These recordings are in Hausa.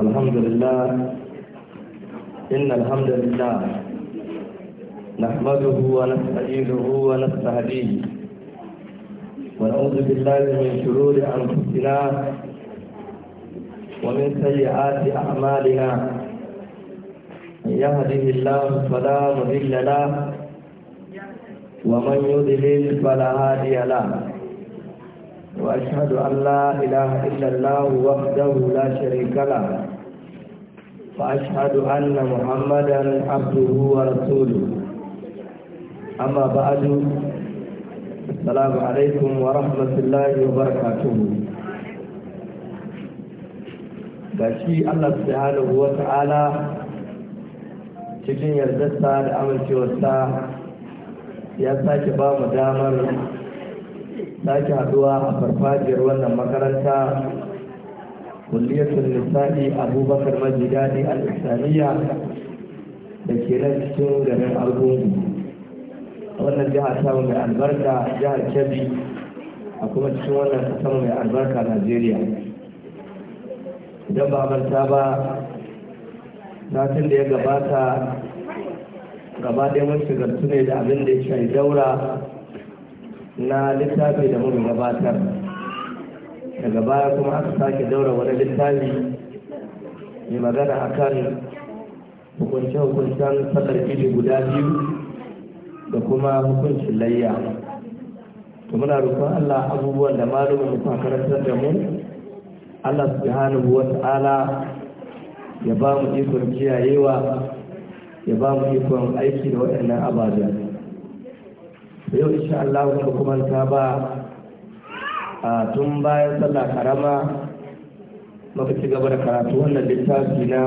الحمد لله إن الحمد لله نحمده ونستعينه ونستهديه ونعوذ بالله من شرور أنفسنا ومن سيئات أعمالنا من يهده الله فلا مضل له ومن يضلل فلا هادي له وأشهد أن لا إله إلا الله وحده لا شريك له وأشهد أن محمدا عبده ورسوله أما بعد السلام عليكم ورحمة الله وبركاته gashi Allah subhanahu wa ta'ala cikin yardarsa da amincewarsa ya sake ba mu damar sake haduwa a farfajiyar wannan makaranta kulliyatul nisa'i abubakar majidadi al-islamiyya da ke nan cikin garin argungu wannan jiha ta mai albarka jihar kebbi a kuma cikin wannan kasa mai albarka najeriya idan ba manta ba satin da ya gabata gaba ɗaya mun ne da abin da ya shari daura na littafi da muka gabatar daga baya kuma aka sake daura wani littafi mai magana akan hukunce-hukuncen sallar gidi guda biyu da kuma hukuncin layya to muna rufin Allah abubuwan da malumin mu karantar da mu Allah subhanahu wa ta'ala ya ba mu ikon kiyayewa ya ba mu ikon aiki da waɗannan ababen yau insha Allah wani hukumar ta ba a tun bayan sallah karama muka ci gaba da karatu wannan littafi na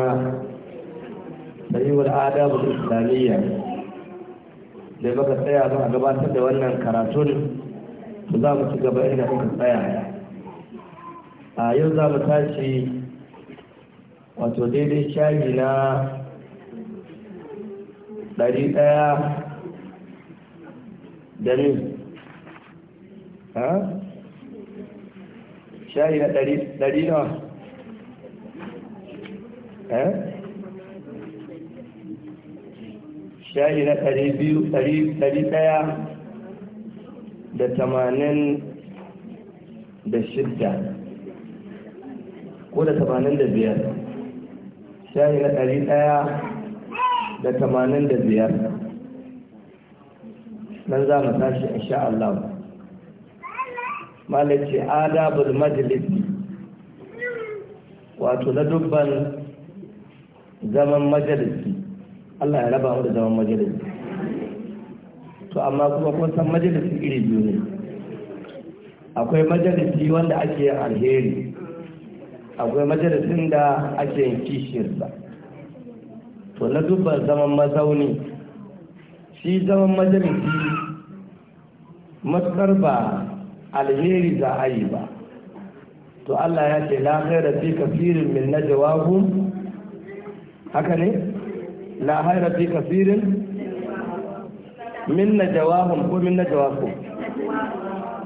sahihul adabul islamiyya da muka tsaya za a gabatar da wannan karatun to za mu ci gaba inda muka tsaya a yau za mu tashi wato daidai shayi na ɗari ɗaya دليل ها شايل دليل دليل ها شايل دليل بيو دليل دليل يا ده ثمانين ده شدة كل ثمانين ده بيار دليل يا ده ثمانين nan za mu tashi insha Allah malaci adabul majlis wato na dubban zaman majalisi Allah ya raba mu da zaman majalisi to amma kuma kun san majalisi iri biyu ne akwai majalisi wanda ake yin alheri akwai majalisin da ake yin kishiyarsa to na dubban zaman mazauni shi zaman majalisi matsar ba alheri za a yi ba to Allah ya ce lahaira fi kafirin min jawabu haka ne lahaira fi kafirin min na najwahum ko min na jawabu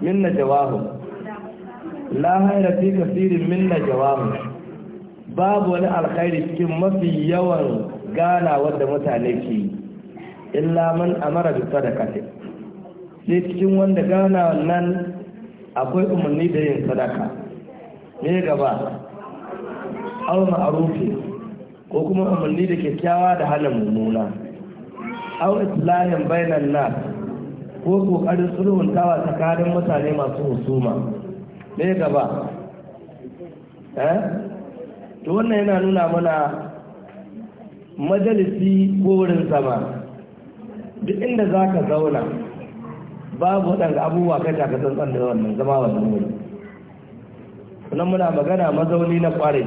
min na la lahaira fi kafirin min na jawabu babu wani alkhairi cikin mafi yawan gana wadda mutane ke illa man amara bi sadaqatin sai cikin wanda gana nan akwai umarni da yin sadaka ne gaba au ma'arufi ko kuma umarni da kyakkyawa da halin mummuna au islahin bainan na, ko kokarin sulhuntawa tsakanin mutane masu husuma ne gaba eh to wannan yana nuna mana majalisi ko wurin zama duk inda za ka zauna babu waɗanda abubuwa kai taka tsantsan da wannan zama wannan wuri sannan muna magana mazauni na kware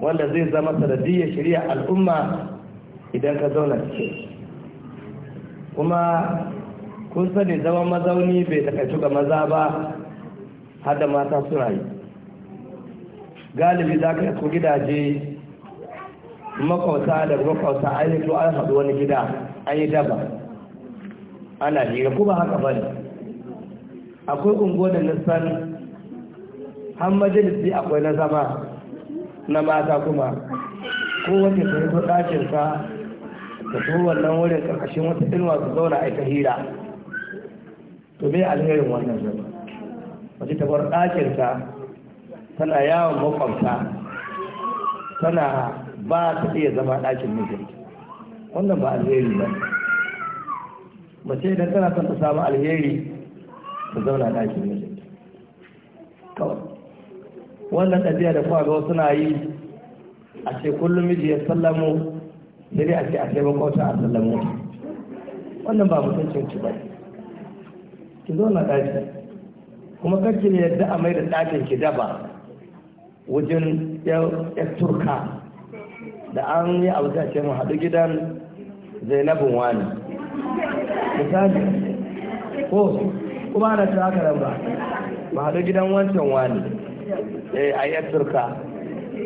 wanda zai zama sanadiyyar shirya al'umma idan ka zauna cikin kuma kun sani zama mazauni bai takaitu ga maza ba har da mata suna yi galibi za ka ku gidaje makwauta da makwauta an yi an haɗu wani gida an yi daba ana jira kuma haka bane akwai unguwar da nisan har majalisi akwai na zama na mata kuma kowace ta yi ɗakinsa ta so wannan wurin ƙarƙashin wata inuwa su zauna a ita hira to me alherin wannan zama wace ta bar ɗakinsa tana yawon makwamta tana ba ta iya zama ɗakin mijinta wannan ba alheri ba mace idan tana son ta samu alheri ta zauna ɗakin mijinta kawai wannan ɗabi'a da kuma ga wasu na yi a ce kullum miji ya sallamo sai dai a ce a sai makwauta a sallamo wannan ba mutuncin ki ba ki zauna ɗakin kuma karki ne yadda a mai da ɗakin ki daba wajen ya turka da an yi abu sai a ce mu haɗu gidan zainabin wani misali ko kuma ana ta haka nan ba ba haɗu gidan wancan wani eh, a yi turka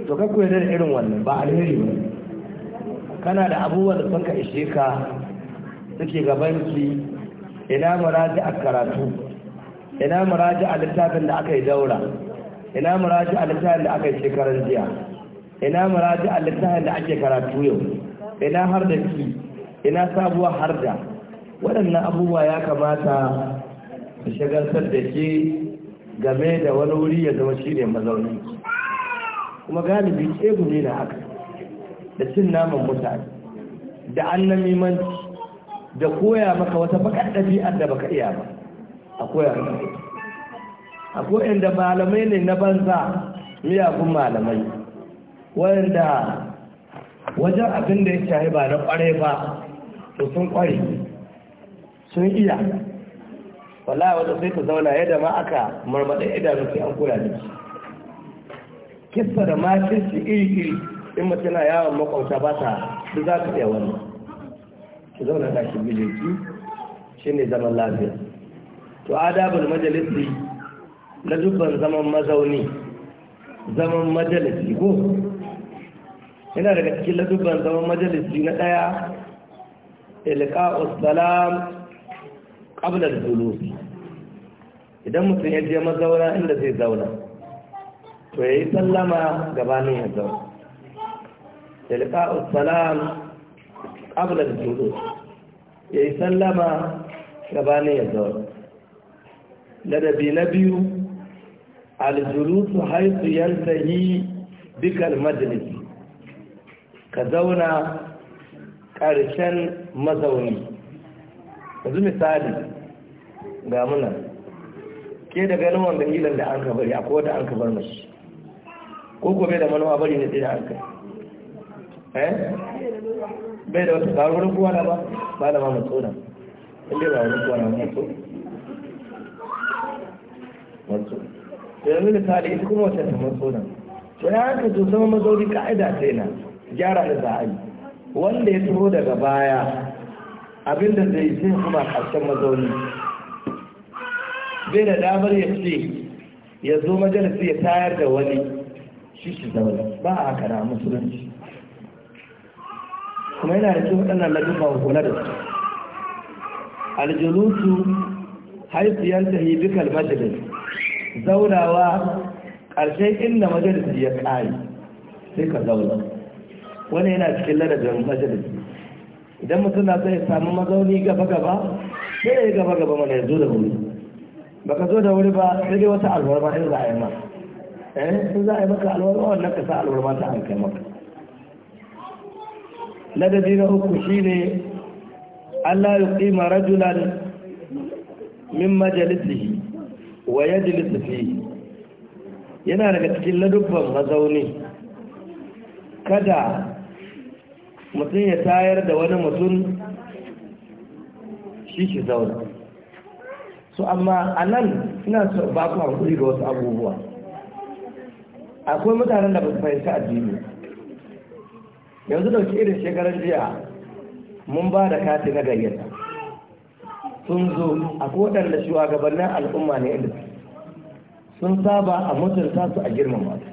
to ka koyar da irin wannan ba alheri ba kana da abubuwan da sun ka ishe ka suke gabanki ina muraji a karatu ina muraji a littafin da aka yi daura ina muraji a littafin da aka yi shekarar jiya ina muraji a littafin da ake karatu yau ina har da ki ina sabuwar har da waɗannan abubuwa ya kamata su shagaltar da ke game da wani wuri ya zama shi ne mazaunin kuma galibi tsegu ne na haka da cin naman mutane da annamimanci da koya maka wata bakar ɗabi'ar da baka iya ba a koya maka a koyan da malamai ne na banza miyagun malamai wanda wajen abin da ya shahi ba na kwarai ba to sun ƙware sun iya wala wata sai ta zauna yadda ma aka marmada idanu sai an kula da shi kisa da matin shi iri iri in mace na yawon makwauta ba ta duk za su iya wannan ki zauna da shi jiki shi ne zaman lafiya to adabul majalisi na dubban zaman mazauni zaman majalisi ko yana daga cikin ladubban zaman majalisi na ɗaya ilka'u salam Ƙabilar al idan mutum ya je mazauna inda zai zauna to ya yi sallama gabanin ya zauna tilqa'u usalam ƙabilar al ya yi sallama gabanin ya zauna ladabi na biyu al haisu yanta yi bikar Majalis. ka zauna ƙarshen mazauni yanzu misali ga muna ke da ganin wanda ilan da an ka bari a kowa da an ka bar mashi ko gobe da manuwa bari ne sai da an kai. eh bai da wata ba wurin kowa na ba ba da ma matso na inda ba wurin kowa na matso matso da yanzu misali ita kuma wata ta matso na to ya haka to sama mazauri ka'ida sai na gyara da za'ayi. wanda ya turo daga baya abinda zai sun kuma karshen mazauni bai da damar ya ce ya zo majalisi ya tayar da wani shi shi zaune ba a haka na musulunci kuma yana da cikin waɗannan ladin ba kula da su aljulusu haifiyar ta yi bikal majalis zaunawa ƙarshen inda majalisi ya ƙari sai ka zauna wani yana cikin ladabin majalisi idan mutum na sai samu mazauni gaba gaba sai ya yi gaba gaba mana ya zo da wuri baka zo da wuri ba sai dai wata alwarma in za a yi ma eh in za a yi maka alwarma wannan ka sa alwarma ta an kai maka ladabi na uku shine Allah ya qima rajulan min majalisihi wa ya fihi yana daga cikin ladubban mazauni kada mutum ya tayar da wani mutum shi shi zaune. su amma a nan suna ba ku hankuri ga wasu abubuwa akwai mutanen da ba su fahimci addini yanzu da irin shekaran jiya mun ba da kati na gayyata sun zo a waɗanda shugabannin al'umma ne inda sun saba a mutunta su a girmama su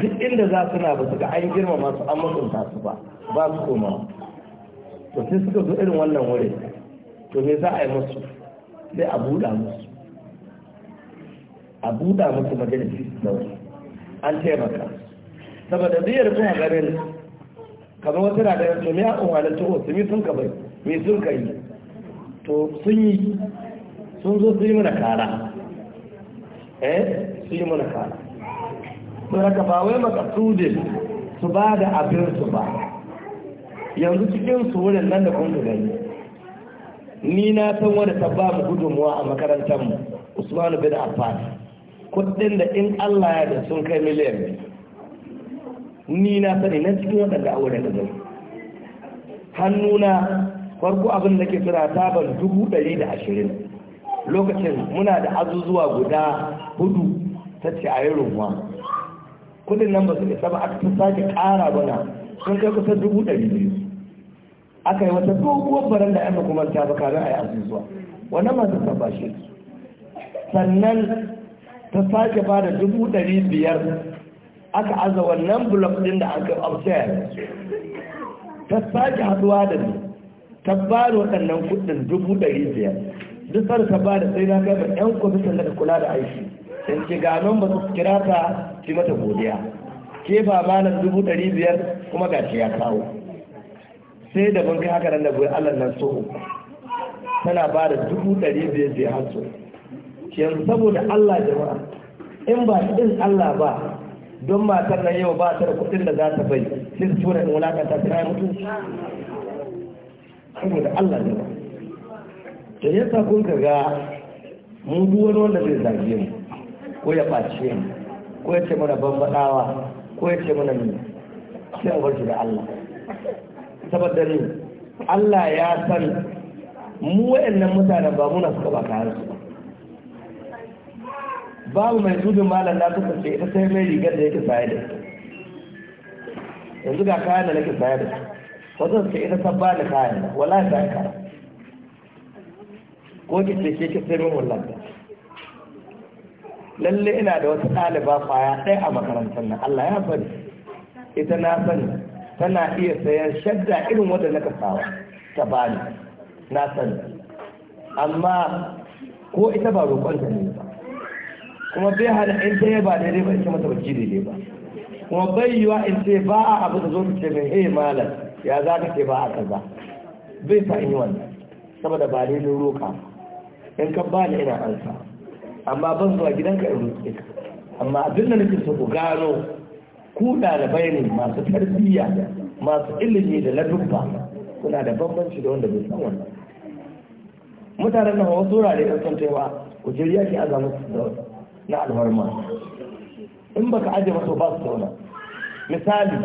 duk inda za suna ba su ga an girmama su an mutunta su ba ba su koma to sai suka zo irin wannan wurin to me za a yi musu sai a buɗa musu a buɗa musu majalisi da wani an taimaka saboda biyar kuma garin kamar wata na ganin to me a umarnin to su mi sun ka bai me sun ka yi to sun yi sun zo su yi mana kara eh su yi mana kara don haka ba wai makasudin su ba da abinsu ba yanzu cikin su wurin nan da kun gani ni na san wadda ta ba mu gudunmuwa a mu usmanu bin affan kudin da in allah ya da sun kai miliyan ni na sani na cikin waɗanda a wurin da hannuna farko abin da ke tura taban dubu ɗari da ashirin lokacin muna da azuzuwa guda hudu ta ce a yi rumwa kudin nan ba su isa ba aka ta sake ƙara bana sun kai kusan dubu ɗari biyu aka yi wata doguwar baranda yan hukumar ta ba kamin a yi asusuwa wani masu sabashe sannan ta sake ba da dubu ɗari biyar aka aza wannan blok ɗin da aka ausayar ta sake haduwa da ni ta ba da waɗannan kuɗin dubu ɗari biyar duk sar ta ba da sai na kai ba 'yan kwamitin da kula da aiki sai ce ga ba su kira ta ki mata godiya ke ba malam dubu ɗari biyar kuma ga ya kawo sai da mun kai haka nan da bai allah nan so tana ba da dubu ɗari biyar biyar har so yanzu saboda allah jama'a in ba in allah ba don matar nan yau ba ta da kuɗin da za ta bai sai su tura in wulakanta ta kayan mutu? saboda allah jama'a da yasa kun ka ga mu duk wani wanda zai zage mu ko ya ɓace mu ko ya ce mana banbaɗawa ko ya ce mana mai sai bar shi da Allah saboda ni Allah ya san mu wayannan mutanen ba muna suka ba kayan su babu mai zubin malam na suka ce ita sai mai rigar da yake saye da yanzu ga kayan da nake saye da su, wajen ce ita sabba da kayan da wala da kara ko ki ce ke ke sai min wallan lalle ina da wata ɗaliba kwaya ɗaya a makarantar nan Allah ya bari ita na sani tana iya sayar shadda irin wanda na kasawa ta bani na sani amma ko ita ba ta ne ba kuma bai hana in ta ba daidai ba ita mata ba ji ba kuma bai yiwa in ce ba a abu da zo ta ce mai hey malam ya za ka ce ba a kaza bai sa in yi wannan saboda ba daidai roƙa in ka bani ina ansa amma ban zuwa gidanka in roƙe amma abin da nake so ku gano ku da ne masu tarbiyya masu ilimi da ladubba kuna da bambanci da wanda bai san wannan mutanen nan wasu wurare da son taiwa ku je yaki a zama su zauna na alwarma in baka aje masu ba su zauna misali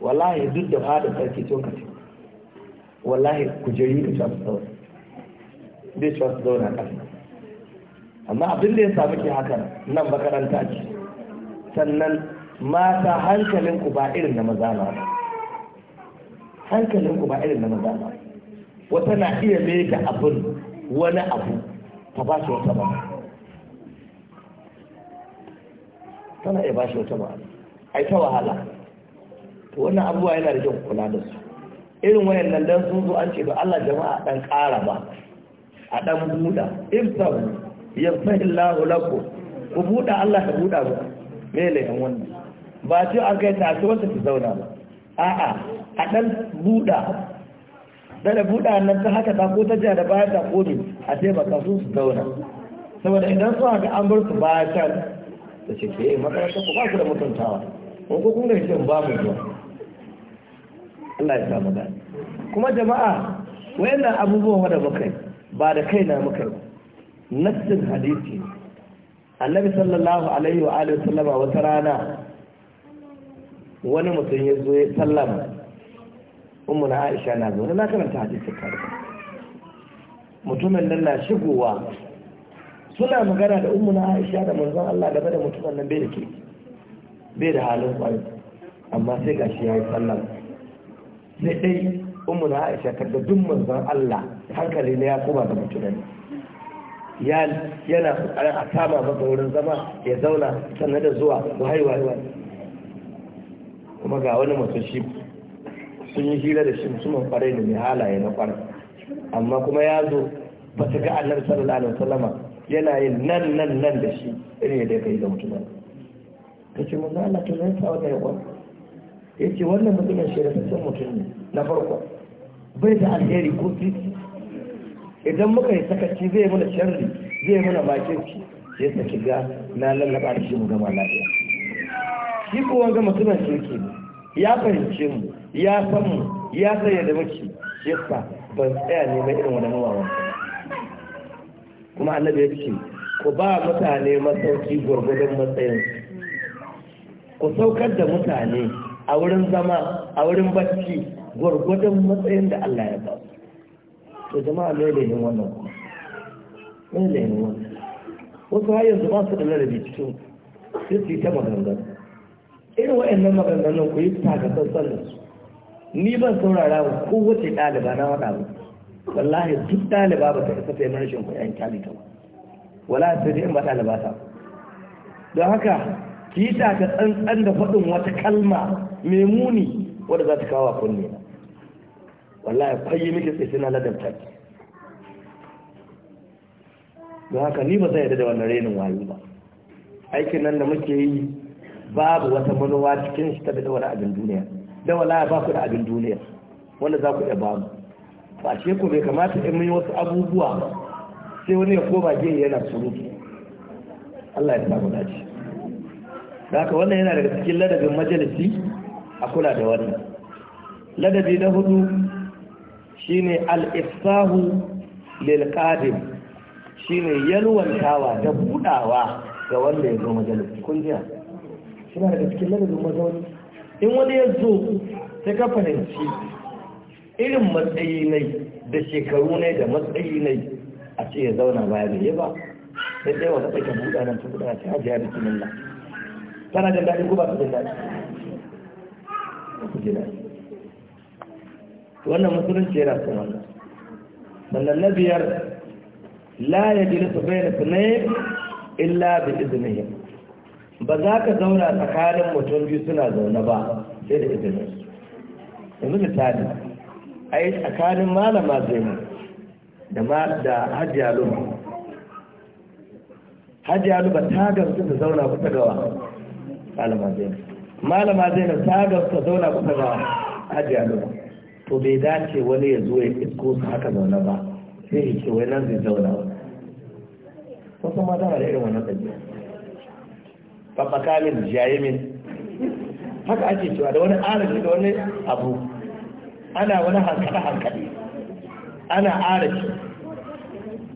wallahi duk da fada sarki tun ka ce wallahi ku je yi ka su zauna bai cewa su zauna ƙasa amma abin da ya samu ke hakan nan makaranta ce sannan mata hankalin ku ba irin na maza ba hankalin ku ba irin na maza ba wata na iya leka abin wani abu ta ba shi wata ba tana iya ba shi wata ba ai ta wahala to wannan abubuwa yana da kyau kula da su irin wayannan dan sun zo an ce da Allah jama'a dan ƙara ba a dan buda ibsa yafahin lahu lakum ku buɗa Allah ka buɗa ba mele layin wannan ba ce an kai ta ce wata ta zauna ba a'a a ɗan buɗa da buɗa nan ta haka ta ko ta jiya da baya ta kone a taimaka sun su zauna saboda idan su haka an bar su baya can da ce ke eh, makaranta ku ba ku da mutuntawa ko ko kun gaishe ba mu zuwa Allah ya samu gani kuma jama'a wayannan abubuwan wanda muka yi ba da kai na muka yi nassin hadisi annabi sallallahu alaihi wa alihi sallama wata rana wani mutum ya zo ya sallama ummu na aisha na zo na karanta hadisi kare mutumin nan na shigowa suna magana da ummu na aisha da manzon Allah game da mutumin nan bai da ke bai da halin kwai amma sai gashi ya yi sallama sai dai ummu na aisha kaga dukkan manzon Allah hankali ne ya koma da mutumin yana a kama masa wurin zama ya zauna sannan da zuwa wahai wahai kuma ga wani mutum shi sun yi hira da shi mutumin kwarai da mai halaye na kwarai amma kuma ya zo ba ta ga annabi sallallahu alaihi wasallama yana yin nan nan nan da shi irin da kai da mutum ta ce mun Allah to zai sa wannan ya kwana yace wannan mutumin shi da mutum ne na farko bai da alheri ko fit idan muka yi sakaci zai muna sharri zai mana ci sai ta kiga na lallaba da shi mu gama lafiya shi ko wanga mutumin kirki ne ya fahimce mu ya san mu ya san da muke yasa ban tsaya ne mai irin wannan wawan kuma annabi ya ce ku ba mutane masauki gwargwadon matsayin ku saukar da mutane a wurin zama a wurin bacci gwargwadon matsayin da Allah ya ba to jama'a mai lainin wannan kuma mai lainin wannan wasu har yanzu ba su da larabi cikin sisi su yi ta maganganu irin wa'annan maganganun ku yi sassan da su ni ban saurara wa kowace ɗaliba na waɗa ba wallahi duk ɗaliba ba ta isa ta yi rashin kuɗin kyalita ba wala sai ji in ba ɗaliba ta don haka ki yi taka tsantsan da faɗin wata kalma mai muni wadda za ta kawo a kunne na wallahi kwayi miki tsaye na ladabta ki don haka ni ba zai yarda da wannan renin wayo ba aikin nan da muke yi babu wata manowa cikin shi ta da wani abin duniya da wallahi ba ku da abin duniya wanda za ku iya mu ba ce ku bai kamata in mun yi wasu abubuwa ba sai wani ya koma gini yana surutu Allah ya samu dace da haka wannan yana daga cikin ladabin majalisi a kula da wannan ladabi na hudu shine al-ifsahu lil qadim shine yalwantawa da budawa ga wanda ya zo majalis kun shi suna da cikin ladabin mazauni in wani ya zo sai ka fahimci irin matsayi nai da shekaru nai da matsayi nai a ce ya zauna baya bai yi ba sai tsaye wata tsakin buɗa nan ta buɗa ta hajiya da kimin nan tana jin daɗi ko ba ta jin daɗi ku ji daɗi wannan musulunci yana son wannan sannan na biyar la ya jiri su bai su ne illa bi izinin ba za ka zauna tsakanin mutum biyu suna zaune ba sai da izinin su yanzu misali a yi tsakanin malama mu da hajiya luba hajiya luba ta gamsu ta zauna kusa gawa malama mu malama mu ta gamsu ta zauna kusa gawa hajiya ba to bai dace wani ya zo ya isko su haka zaune ba sai ya ce wai nan zai zauna ba wasu mata na da irin wannan ɗabi'a faɓakalin jayimin haka ake cewa da wani arashi da wani abu ana wani hankali-hankali ana arashi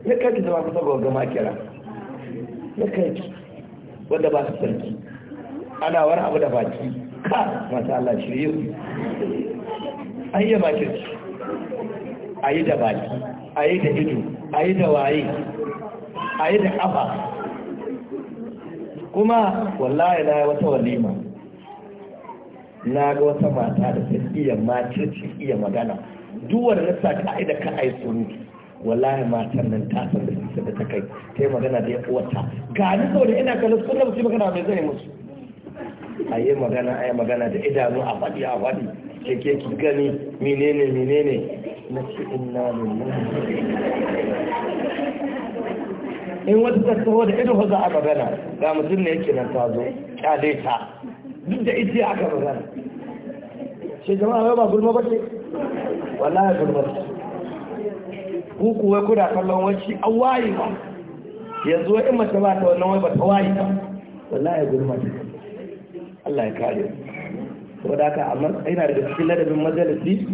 ya kaki zama kusa ga wanga kira ya kaki wanda ba su sarki ana wani abu da baki ka masu Allah shirye an bakin su a yi da baki a yi da ido a yi da waye a yi da ƙafa kuma wallahi na wata walima na ga wata mata da ta iya matirci iya magana duwar na sa da ka ai surutu wallahi matar nan ta san da su da ta kai ta yi magana da ya uwata ga ni saboda ina kallon sun da su magana mai zai musu a yi magana a yi magana da idanu a faɗi a faɗi keke ki gani menene menene na ce inna lillahi in wata ta da ido za a magana ga mutum ne yake nan ta zo kyale ta duk da ita aka magana ce jama'a ba gulma ba ce wallahi gulma ce ku kuwa kuna kallon wacce an waye ba yanzu wa in mace ba ta wannan wai ba ta waye ba wallahi gulma ce Allah ya kare mu saboda haka amma yana daga cikin ladabin majalisi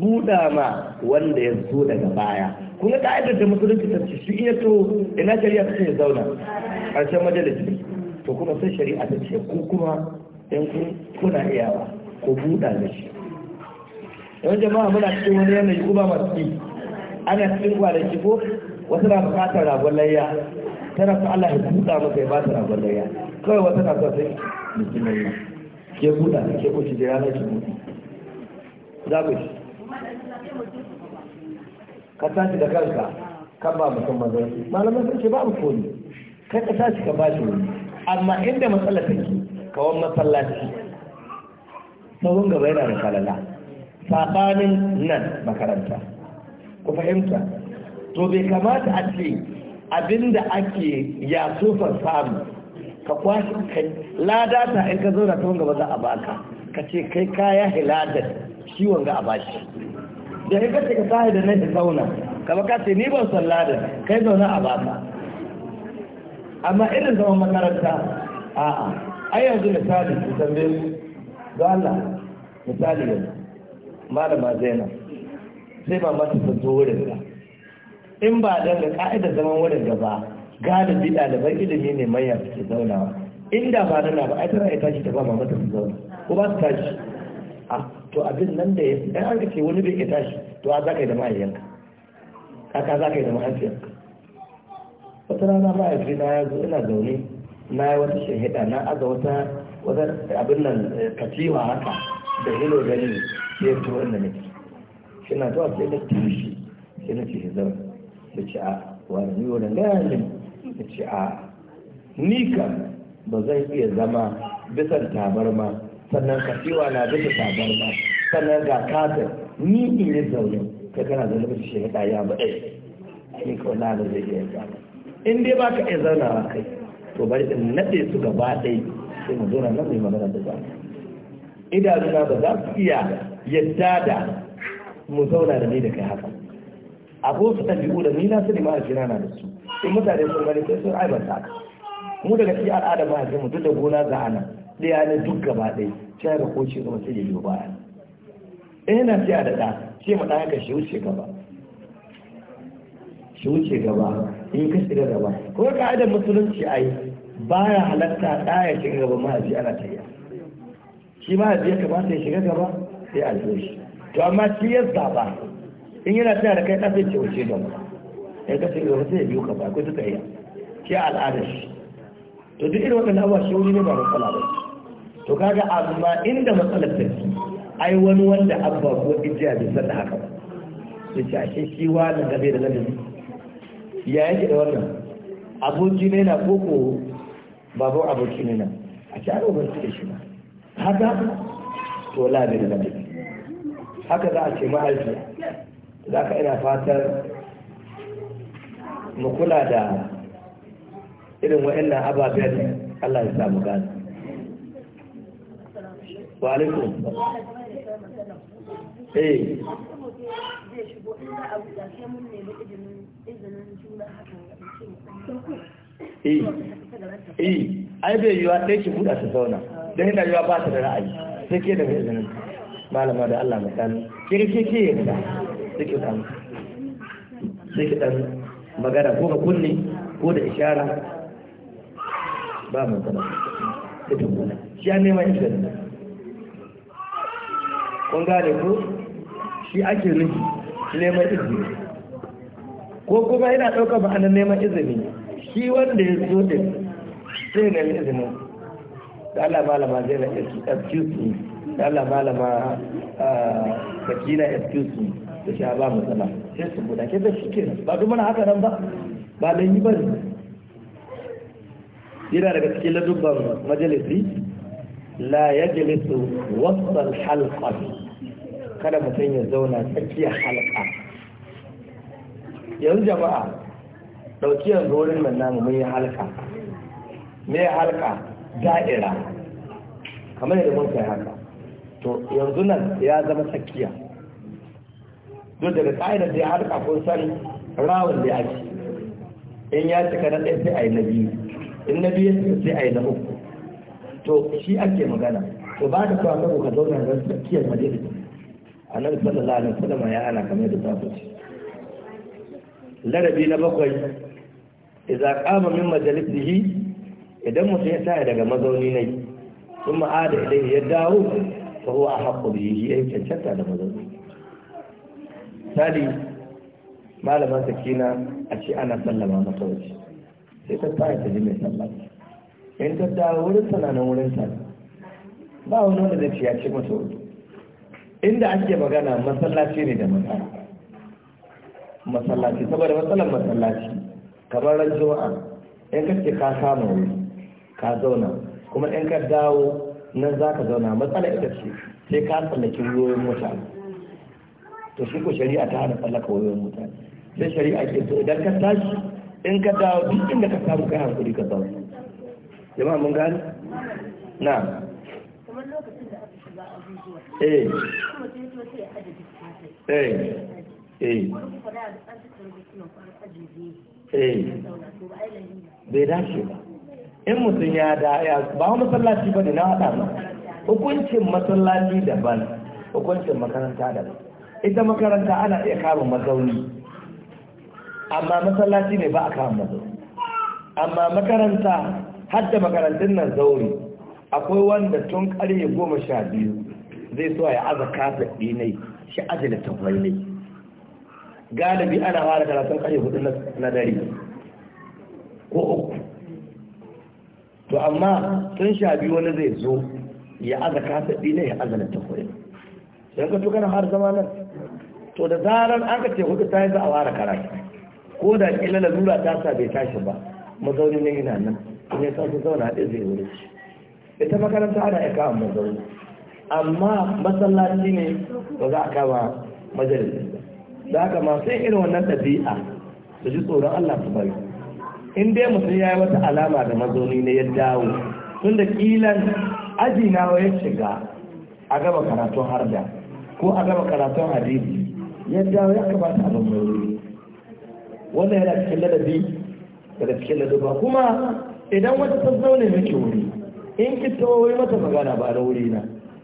buɗa ma wanda ya zo daga baya kun ga ka'idar da musulunci ta ce shi iya to ina shari'a ta ce ya zauna ƙarshen majalisi to kuma sai shari'a ta ce ku kuma in kuna iyawa ko buɗa da shi yawan jama'a muna cikin wani yanayi kuma masu yi ana cikin kwanaki ko wasu na bukatar ragon layya tana su Allah ya buɗa masa ya ba ta ragon layya kawai wata na sosai musulmai ke buɗa ke ɓoci da yana ke mutu za ku shi ka tashi da kanka kan ba mutum mazarci malaman sun ce babu koli kai ka tashi ka ba shi wani amma inda matsala take kawan masallaci sauran gaba yana da kalala saɓanin nan makaranta ku fahimta to bai kamata a ce abinda ake yaso sofar samu ka kwashi kai lada ta in ka zauna ta gaba ba za a baka ka ce kai kaya hilada ciwon ga a bashi da ya kace ka sahi da nan zauna ka baka ce ni ban san lada kai zauna a baka amma irin zaman makaranta a'a ai yanzu misali ku tambaye su don Allah misali yanzu malama zainab sai ba mata ta zo wurin in ba dan ga ka'idar zaman wurin gaba. ba galibi ɗaliban ilimi ne manyan suke zaunawa inda ba na ba ai tana ya tashi ta ba mamata su zauna ko ba su tashi a ah, to abin nan da ya dan an ka ce wani bai ya tashi to a za ka yi da ma'ayyanka kaka za ka yi da mahaifiyarka wata rana na ya zo ina zaune na yi wata shahida na aza wata wata abin nan eh, katiwa haka da hilo gani sai ya fito inda nake shi na zuwa sai da tishi sai na ce zaune ya ce a ah, wani ni wani ne. ya ce a ni ba zai iya zama bisan tabarma sannan ka na bisa tabarma sannan ga katin ni in yi zaune ka kana zaune bisa shi hada ya baɗai ni ka wani abu zai iya zama in dai ba ka iya wa kai to bari in naɗe su gaba ɗai sai mu zauna nan mai magana da zama idanuna ba za su iya yadda da mu zauna da ni da kai haka abu su ɗabi'u da ni na su ne ma'ajina na da su in mutane sun gani sai sun aibanta ka mu daga cikin al'ada ba a mu duk da gona ga ana ɗaya ne duk gaba ɗaya sai ga ko ci gaba sai ya yi baya in yana sai a daɗa sai mu ɗaya ka shi wuce gaba shi wuce gaba in ka shiga gaba ko ka'idar musulunci a yi ba ya halatta ɗaya shiga gaba mahaifi ana ta yi shi mahaifi ya kamata ya shiga gaba sai a zo shi to amma shi ya zaɓa in yana tana da kai ɗafe ce wuce gaba ya kace gaba sai ya biyo ka ba ko suka iya shi al'ada shi to duk irin wannan abuwa shi ne ba matsala ba to kaga amma inda matsalar ta ci ai wani wanda abba ko ijiya bai san da haka ba sai ce ashe shi wani da bai da ladabi ya yake da wannan aboki ne na koko babu aboki ne na a ci aro ban suke shi ba haka to la bai da ladabi haka za a ce mahaifiya za ka ina fatar mu kula da irin wa'annan ababen Allah ya samu gani wa alaikum eh eh, eh. ai bai yiwa sai ki buɗa su zauna don yana yiwa ba su da ra'ayi sai ke da mai izinin malama da Allah mai kanu kirki ke yadda sai ki ɗan sai ki ɗan magana ko ga kunne ko da ishara ba mu zama da tambana shi an neman ishara ne kun gane ko shi ake nufi neman izini ko kuma yana ɗaukar ma'anar neman izini shi wanda ya zo da sai na izini da Allah malama zai na excuse me da Allah malama bakina ah, excuse me da shi ba mu zama sai su guda ke da shi ke ba duk mana haka nan ba ba dan yi ba ne. yana daga cikin ladubban majalisi la yajlisu wasal halqa kada mutum ya zauna tsakiyar halka. yanzu jama'a dauki yanzu wurin nan namu mun yi halqa me halqa da'ira kamar yadda mun kai haka to yanzu nan ya zama tsakiya don daga ƙa'idar da ya harka kun san rawar da ake in ya cika na ɗaya sai a yi na biyu in na biyu ya sai a yi na uku to shi ake magana to ba ka ko ka zauna ga tsakiyar madina a nan alaihi wasallam ya ana kamar da zafi larabi na bakwai idza qama min majalisihi idan mutum ya tsaya daga mazauni kuma sun ma'ada idan ya dawo fa huwa ahqqu bihi yayin cancanta da mazauni misali malaman kina a ce ana sallama mata waje sai ta fara ta ji mai sallama in ta dawo wurin sana na wurin sa ba wani wanda zai ce ya ce masa waje inda ake magana masallaci ne da matsala masallaci saboda matsalar masallaci kamar ran juma'a in ka ce ka kama wuri ka zauna kuma in ka dawo nan za ka zauna matsala ita ce sai ka tsallaki ruwan mutane to shi ko shari'a ta hana tsallaka wayoyin mutane sai shari'a ke to idan ka tashi in ka dawo duk inda ka samu kai hankali ka zauna jama'a mun gani na eh eh eh, eh. bai dace ba in mutum ya da ya ba wani masallaci ba ne na haɗa ba hukuncin masallaci daban hukuncin makaranta daban ita makaranta ana iya kama mazauni amma masallaci ne ba a kama mazauni amma makaranta hadda makarantun nan zauri akwai wanda tun karye goma sha biyu zai so ya aza kafa dinai shi aji da tafai ne galibi ana fara karatun karye hudu na dare ko uku to amma tun sha biyu wani zai zo ya aza kafa dinai ya aza da tafai ne yanka tukana har zama nan to da zarar an ka ce hudu ta yi za a ware karatu ko da kila lalura ta sa bai tashi ba mazaunin ne yana nan in ya tashi zauna haɗe zai wuri ita makaranta ana ya kawo mazauni amma masallaci ne ba za a kama majalisi da haka masu yin irin wannan ɗabi'a su ji tsoron Allah su bari in dai mutum ya yi wata alama da mazauni ne ya dawo tun da ƙilan aji nawa ya shiga a gaba karatun harda ko a gaba karatun hadisi ya dawo ya kamata a bambam wannan yana cikin ladabi daga cikin ladaba kuma idan wata ta zaune miki wuri in ki tawo mata magana ba da wuri na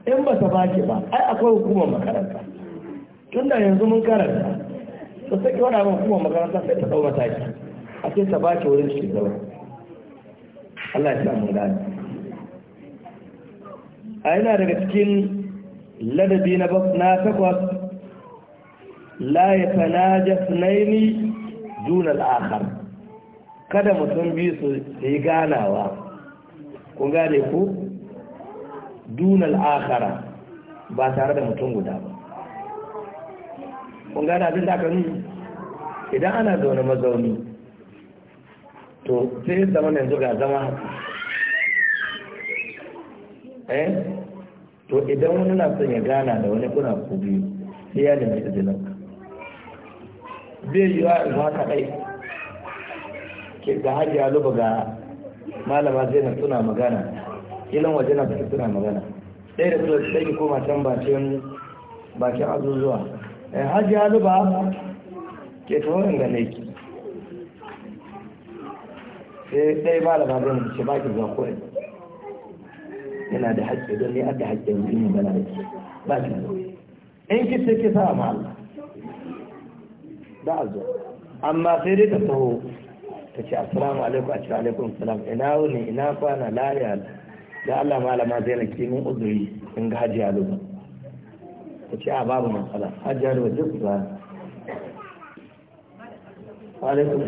in ba ta baki ba ai akwai hukumar makaranta tun da yanzu mun karanta ta saki wani abin hukumar makaranta sai ta tsawo mataki a ce ta baki wurin shi zaune Allah ya sa mun gane a yana daga cikin ladabi na takwas la ya tanaja sunaini dunal akhar kada mutum biyu su yi ganawa kun gane ku dunal akhara ba tare da mutum guda ba kun gane abin da aka nuni idan ana zaune mazauni to sai yin zama yanzu ga zama haka eh to idan wani na son ya gana da wani kuna ku biyu sai ya nemi izinanka bai yi wa za kaɗai ke ga ya luba ga malama zainab suna magana ilan waje na suke suna magana ɗaya da tuwa sai ki koma can bakin bakin azuzuwa eh, hajiya luba ke tawarin ga laiki sai ɗaya malama zainab ce baki zuwa kowai yana da haƙƙi don ne an da haƙƙi yanzu ne magana da ke baki zuwa in ki sai ki sa ma Allah da a zo amma sai dai ta taho ta ce assalamu alaikum a alaikum salam ina wuni ina kwana lahiya da Allah malama zai na kimin uzuri in ga hajiya lubu ta ce a babu matsala hajiya lubu duk ba alaikum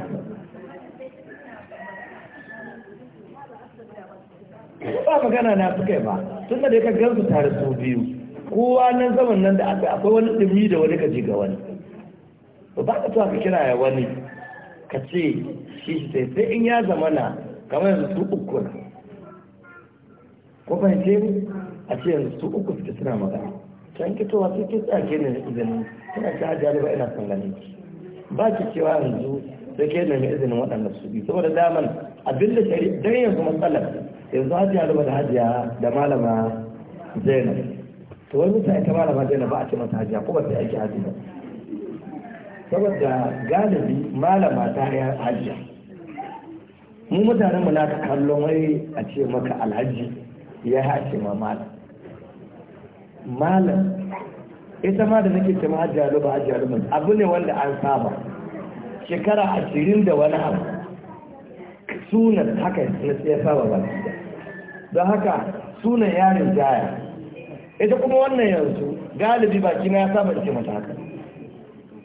ba magana na suka yi ba tun da dai ka gansu tare su biyu kowa nan zaman nan da aka akwai wani dumi da wani ji ga wani ba ba ka tuwa ka kira ya wani ka ce shi sai sai in ya zama na kamar yanzu su uku na ko fahimce ni a ce yanzu su uku suke suna magana can fitowa su ke tsake ne izinin suna ta hajjali ba ina son gani ba ki cewa yanzu sai ke nemi izinin waɗanda su bi saboda daman abin da shari don yanzu matsalar yanzu hajiya da hajiya da malama zainab to wani mutane ta malama zainab ba a ce mata hajiya ko ba sai ake hajiya saboda galibi malama ta ya hajiya mu mutanen mu naka kallon wai a ce maka alhaji ya hace ma malam malam ita ma da nake ce ma hajiya luba hajiya luba abu ne wanda an saba shekara ashirin da wani abu sunan haka ya saba ba don haka sunan yarin jaya ita kuma wannan yanzu galibi baki na ya saba ce mata haka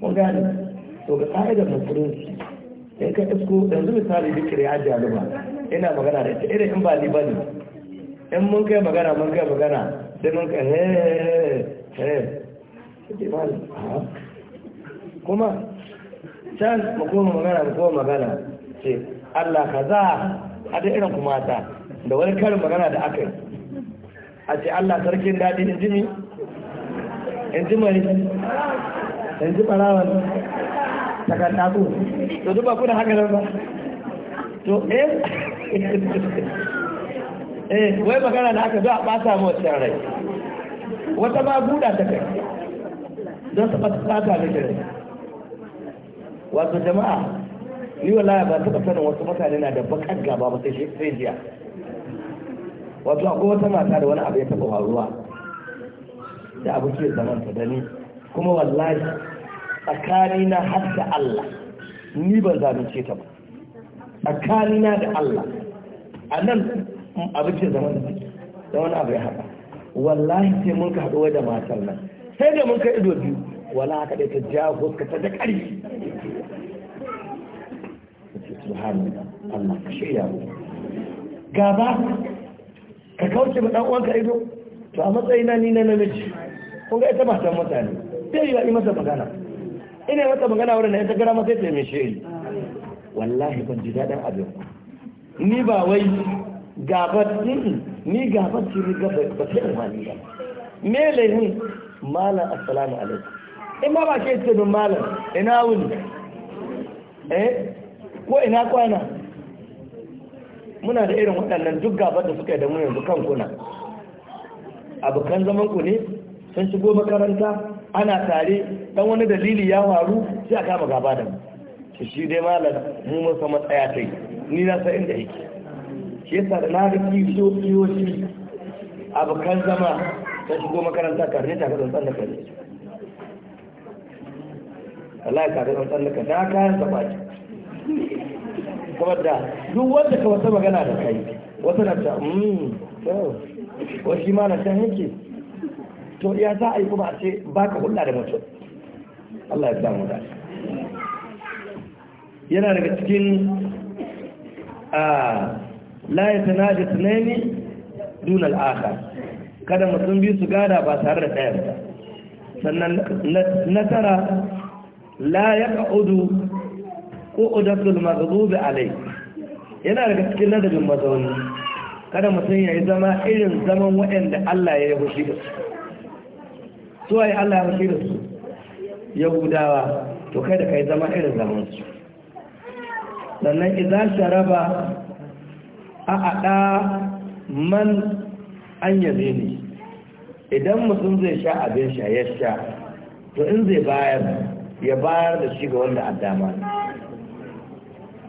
mun gane to ga ka'idar musulunci in ka isko yanzu misali zikiri ya ba ina magana da ita irin in ba ni ba ne in mun kai magana mun kai magana sai mun kai he he he kuma can mu koma magana mu koma magana ce Allah kaza a da irin kuma ta da wani karin magana da aka yi a ce Allah sarkin daɗi in ji ni in ji mai yanzu barawan takarda ko to duba kuna haka nan ba to eh eh wai magana da aka zo a ɓata mu wacce rai wata ba buɗa ta kai don ta ɓata miki rai wato jama'a ni wallahi ba ta sanin wasu mutane na da bakar gaba ba sai shi jiya wato akwai wata mata da wani abu ya taɓa faruwa da abu ke zaman ta da ni kuma wallahi tsakani na har da Allah ni ban zalunce ta ba tsakani na da Allah a nan abinci zaman da da wani abu ya haɗa wallahi sai mun ka haɗuwa da matar nan sai da mun ka ido biyu wala haka da ta ja fuska ta da ƙari Allah ka shirya mu gaba ka kauce ba ɗan uwanka ido to a matsayina ni na namiji kun ga ita matan mutane sai ya yi masa magana ina masa magana wurin ya tagara masa sai mai shi wallahi ban ji daɗin abin ni ba wai gabar ni gabar ce ni gabar ba sai alhani ba me laifin malam assalamu alaikum in ma ba ke ce min malam ina wuni eh ko ina kwana muna da irin waɗannan duk gabar da suka yi da mu yanzu kan kuna abokan zaman ku ne sun shigo makaranta ana tare dan wani dalili ya faru sai a kama gaba da mu shi dai malam mu mun san matsaya ta ni na san inda yake shi yasa da na ga kiso kiyoshi abokan zama ta shigo makaranta ne ta kasan san da kai Allah ya kaga san da karni na kayan sabaki saboda duk wanda ka wata magana da kai wata na ta mmm wasu malam na can yake to ya za a yi kuma a ce ba ka hulɗa da mutum Allah ya samu da yana daga cikin a layata na da tunani duna al'akar kada mutum biyu su gada ba tare da ɗayar ba sannan nasara la ya ƙa'udu ko udatul mazubi alai yana daga cikin ladabin mazauni kada mutum ya yi zama irin zaman waɗanda Allah ya yi hushi da su suwaye Allah ya mashi su su yahudawa to kai da kai zama irin zaman su sannan idan sharaba a aɗa man an yabe ne idan mutum zai sha abin sha ya sha to in zai bayar ya bayar da shi ga wanda a dama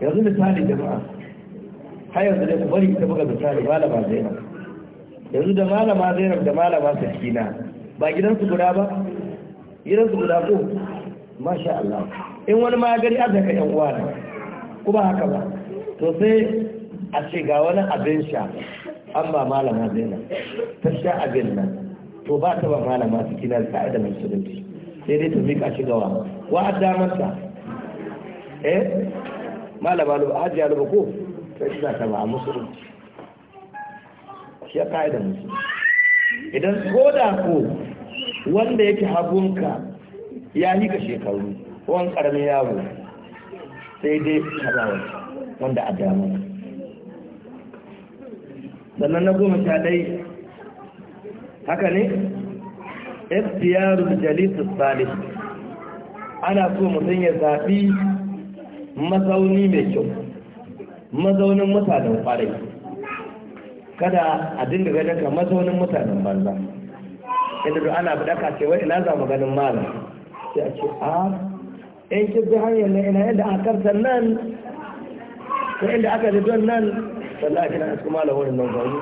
yanzu misali jama'a har yanzu da bari ta buga misali malama zainab yanzu da malama zainab da malama sakina ba gidansu guda ba gidansu guda ko masha Allah in wani ma gari azaka yan uwa ne kuma haka ba to sai a ce ga wani abin sha an ba malama zina ta sha abin nan to ba ta ba malama su kina ka'ida mai surunci sai dai ta mika shi gawa wa a damanta eh malama lu hajiya lu ko sai shi ta ba musulunci shi ya ka'ida musulunci idan ko da ko wanda yake hagunka ya yi ka shekaru wani karamin yawo sai dai haɗawa wanda a dama sannan na goma sha dai haka ne ftr jalisus salih ana so mutum ya zaɓi mazauni mai kyau mazaunin mutanen kwarai kada a dinga ganin ka mazaunin mutanen banza yadda da ana buɗaka ce wai ina za mu ganin malam sai a ce a in ki bi hanyar na ina yadda a karta nan ko inda aka ji don nan wallahi kina su malam wurin nan zaune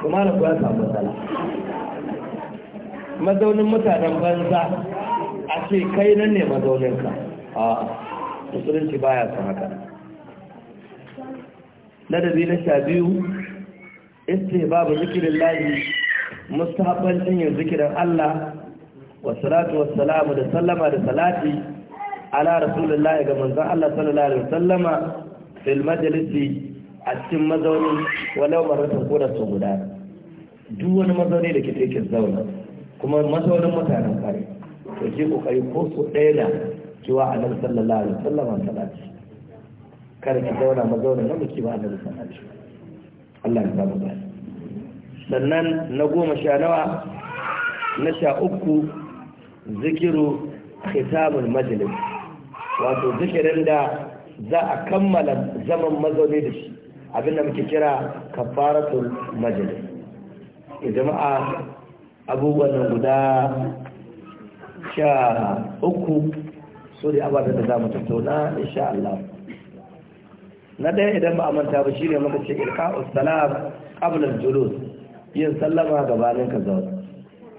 su malam ko ya samu matsala mazaunin mutanen banza a ce kai nan ne mazauninka a musulunci baya son haka ladabi na sha biyu istihbabu layi. mustahabbancin yin zikirin Allah salatu wassalamu da sallama da salati ala rasulullahi ga manzon Allah sallallahu alaihi wasallama fil majalisi a cikin mazauni walau maratan ko da su duk wani mazauni da kike ke zauna kuma mazaunin mutanen kare to ki kokari ko su ɗaya da cewa annabi sallallahu alaihi wasallama salati kada ki zauna mazaunin na miki ba annabi sallallahu alaihi wasallam Allah ya ba mu sannan na goma sha nawa na sha uku zikiru khitamul majlis wato zikirin da za a kammala zaman mazauni da shi abinda muke kira kafaratul majlis eh, jama'a abubuwan nan guda sha uku su da abata da za mu tattauna insha Allah na ɗaya idan ba a manta ba shi ne muka ce ilka salam qabla al-julus yin sallama gabanin ka zaune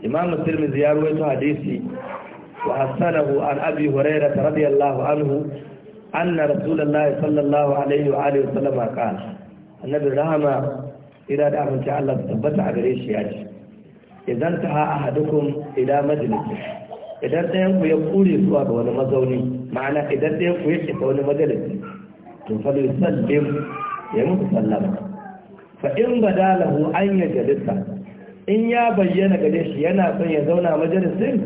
imam tirmidhi ya rawaito hadisi wa hassanahu an abi hurairah radiyallahu anhu anna rasulullahi sallallahu alaihi wa alihi sallama qala annabi rahama ila da amince Allah tabbata a gare shi ya ce idan ta ahadukum ila majlisi idan ɗayan ku ya kure zuwa ga wani mazauni ma'ana idan ɗayan ku ya shiga wani majalisi to fa sallim ya muku sallama fa in badalahu an yajlisa in ya bayyana gare shi yana son ya zauna majalisin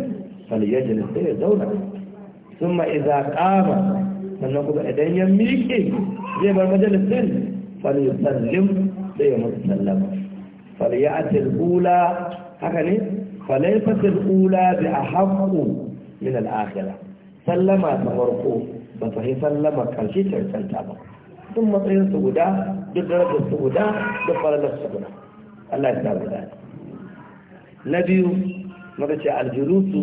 fal yajlis sai ya zauna thumma idza qama sannan kuma idan ya miƙe zai bar majalisin fal yusallim sai ya mutu sallama fal ya'ti al-ula haka ne falaifat al-ula a ahaqqu min al-akhirah sallama ta farko ba ta yi sallama karshe cancanta ba duk matsayin su guda duk darajarsu su guda duk faralar guda Allah ya sa guda na biyu mata ce su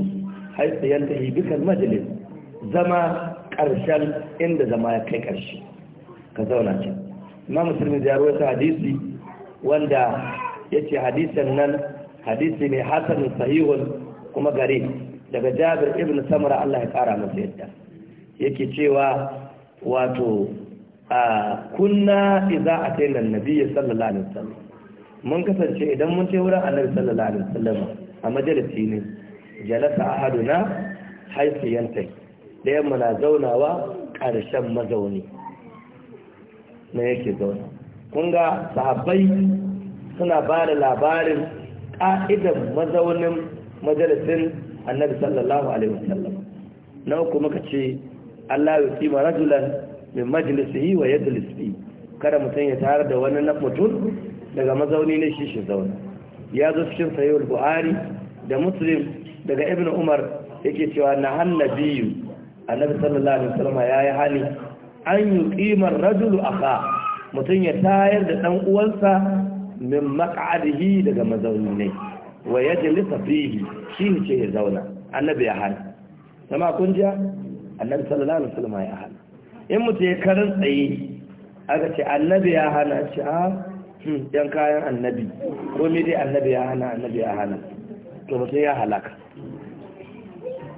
haifu yanta hibikan majalis zama ƙarshen inda zama ya kai ƙarshe ka zauna ce ma musulmi da yaro hadisi wanda ya ce hadisan nan hadisi ne hasan sahihun kuma gari. daga jabir ibn samura Allah ya kara masa yadda yake cewa wato kunna idza atayna nabi ya sallallahu alaihi wasallam mun kasance idan mun ce wurin annabi sallallahu alaihi wasallam a majalisi ne jalasa ahaduna haythu yantai dayan mu na zaunawa karshen mazauni na yake zauna kun ga sahabbai suna ba da labarin ƙa'idan mazaunin majalisin annabi sallallahu alaihi wasallam na uku muka ce Allah ya fi rajulan min yi wa yajlis kada mutum ya tare da wani na mutum daga mazauni ne shi shi zauna ya zo cikin sahihul buhari da muslim daga ibnu umar yake cewa na hannabiyu annabi sallallahu alaihi wasallam yi hali an yi qimar rajul akha mutum ya tayar da dan uwansa min maq'adihi daga mazauni ne wa yajlisa fihi shi ne ce ya zauna annabi ya hali sama kun annabi sallallahu alaihi wasallam ya hali in mutu ya karin tsaye aka ce annabi ya hana ce a ah, hmm, yan kayan annabi ko me dai annabi ya hana annabi ya hana to mutum ya halaka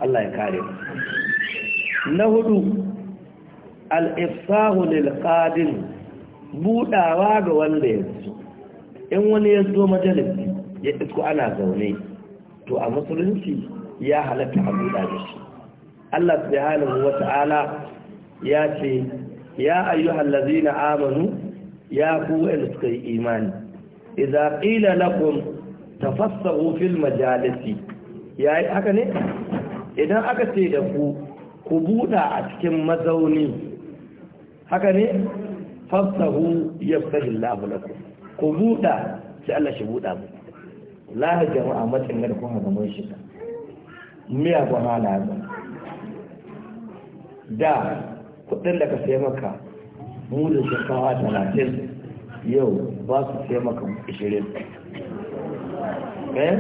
Allah ya kare na hudu al’ifsahu ifsahu lil budawa ga wanda ya zo in wani ya zo majalisi ya isko ana zaune to a musulunci ya halatta a buɗa da shi Allah subhanahu wata'ala ya ce ya ayyuhal na amanu ya ku wa'anda suka yi imani ƙila qila lakum tafassahu fil majalisi yi haka ne idan aka ce da ku ku buɗa a cikin mazauni haka ne fassahu yafsahillahu lakum ku buɗa sai Allah shi buɗa mu lahar jama'a matsin da kuma ga mun shiga miyagun halayen da kudin da ka sai maka mudin shekawa talatin yau ba su sai maka ishirin ɗaya eh?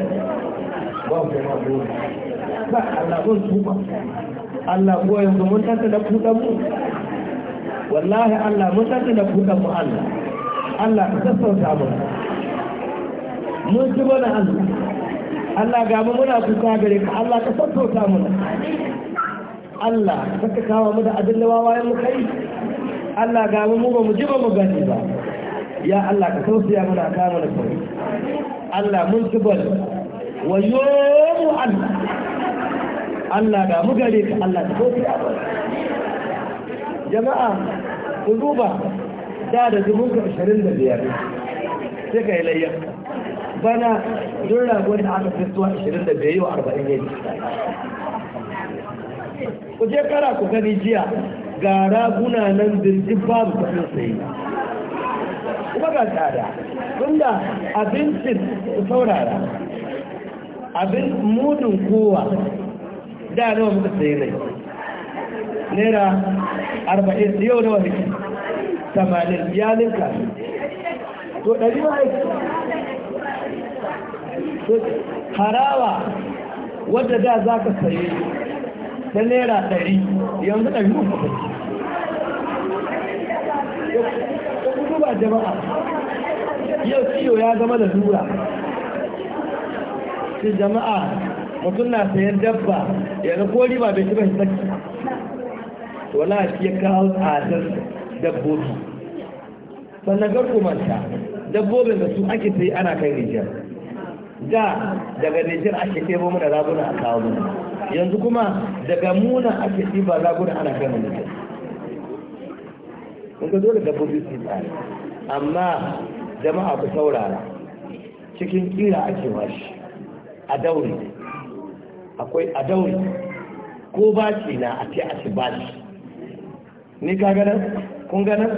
ba ku ma goma ba allahun su ba Allah ko yanzu mun tanta da kuɗan mu wallahi Allah mun tanta da kuɗan mu Allah Allah ka sassauta mu mun ci mana Allah Allah ga muna kuka gare ka Allah ka sassauta mu Allah suka kawo mu da da wawayen mu kai Allah ga mu ba mu ji ba mu gani ba ya Allah ka tausaya mana ka mana kai Allah mun tubal wa yomu Allah Allah ga mu gare ka Allah ka tausaya mana jama'a ku duba da da dubun ka 25 sai kai layya bana dole ga wani aka fitowa 25 yau 40 ne ku je kara ku gani jiya ga raguna nan birjin babu kuɗin sayi kuma ga tsada da abincin ku saurara abin mudun kowa da nawa muka sayi rai naira arba'in yau nawa ne tamanin ya ninka to ɗari ma harawa wadda da za ka sayi da naira ɗari yanzu ɗari uku ba ta kudu ba jama'a yau ciyo ya zama da dura. shi jama'a mutum na sayan dabba yanzu ko riba bai ci bai saki wala shi ya kawo tsadar dabbobi sannan garko manta dabbobin da su ake sai ana kai rijiyar da daga nijar ake ɗebo mana raguna a kawo mana yanzu kuma daga muna ake ɗiba raguna ana kai mana nijar kun ga dole dabbobi su tsari amma jama'a ku saurara cikin kira ake washi a daure akwai a daure ko ce na a ce a ba ce ni ka gana kun gana?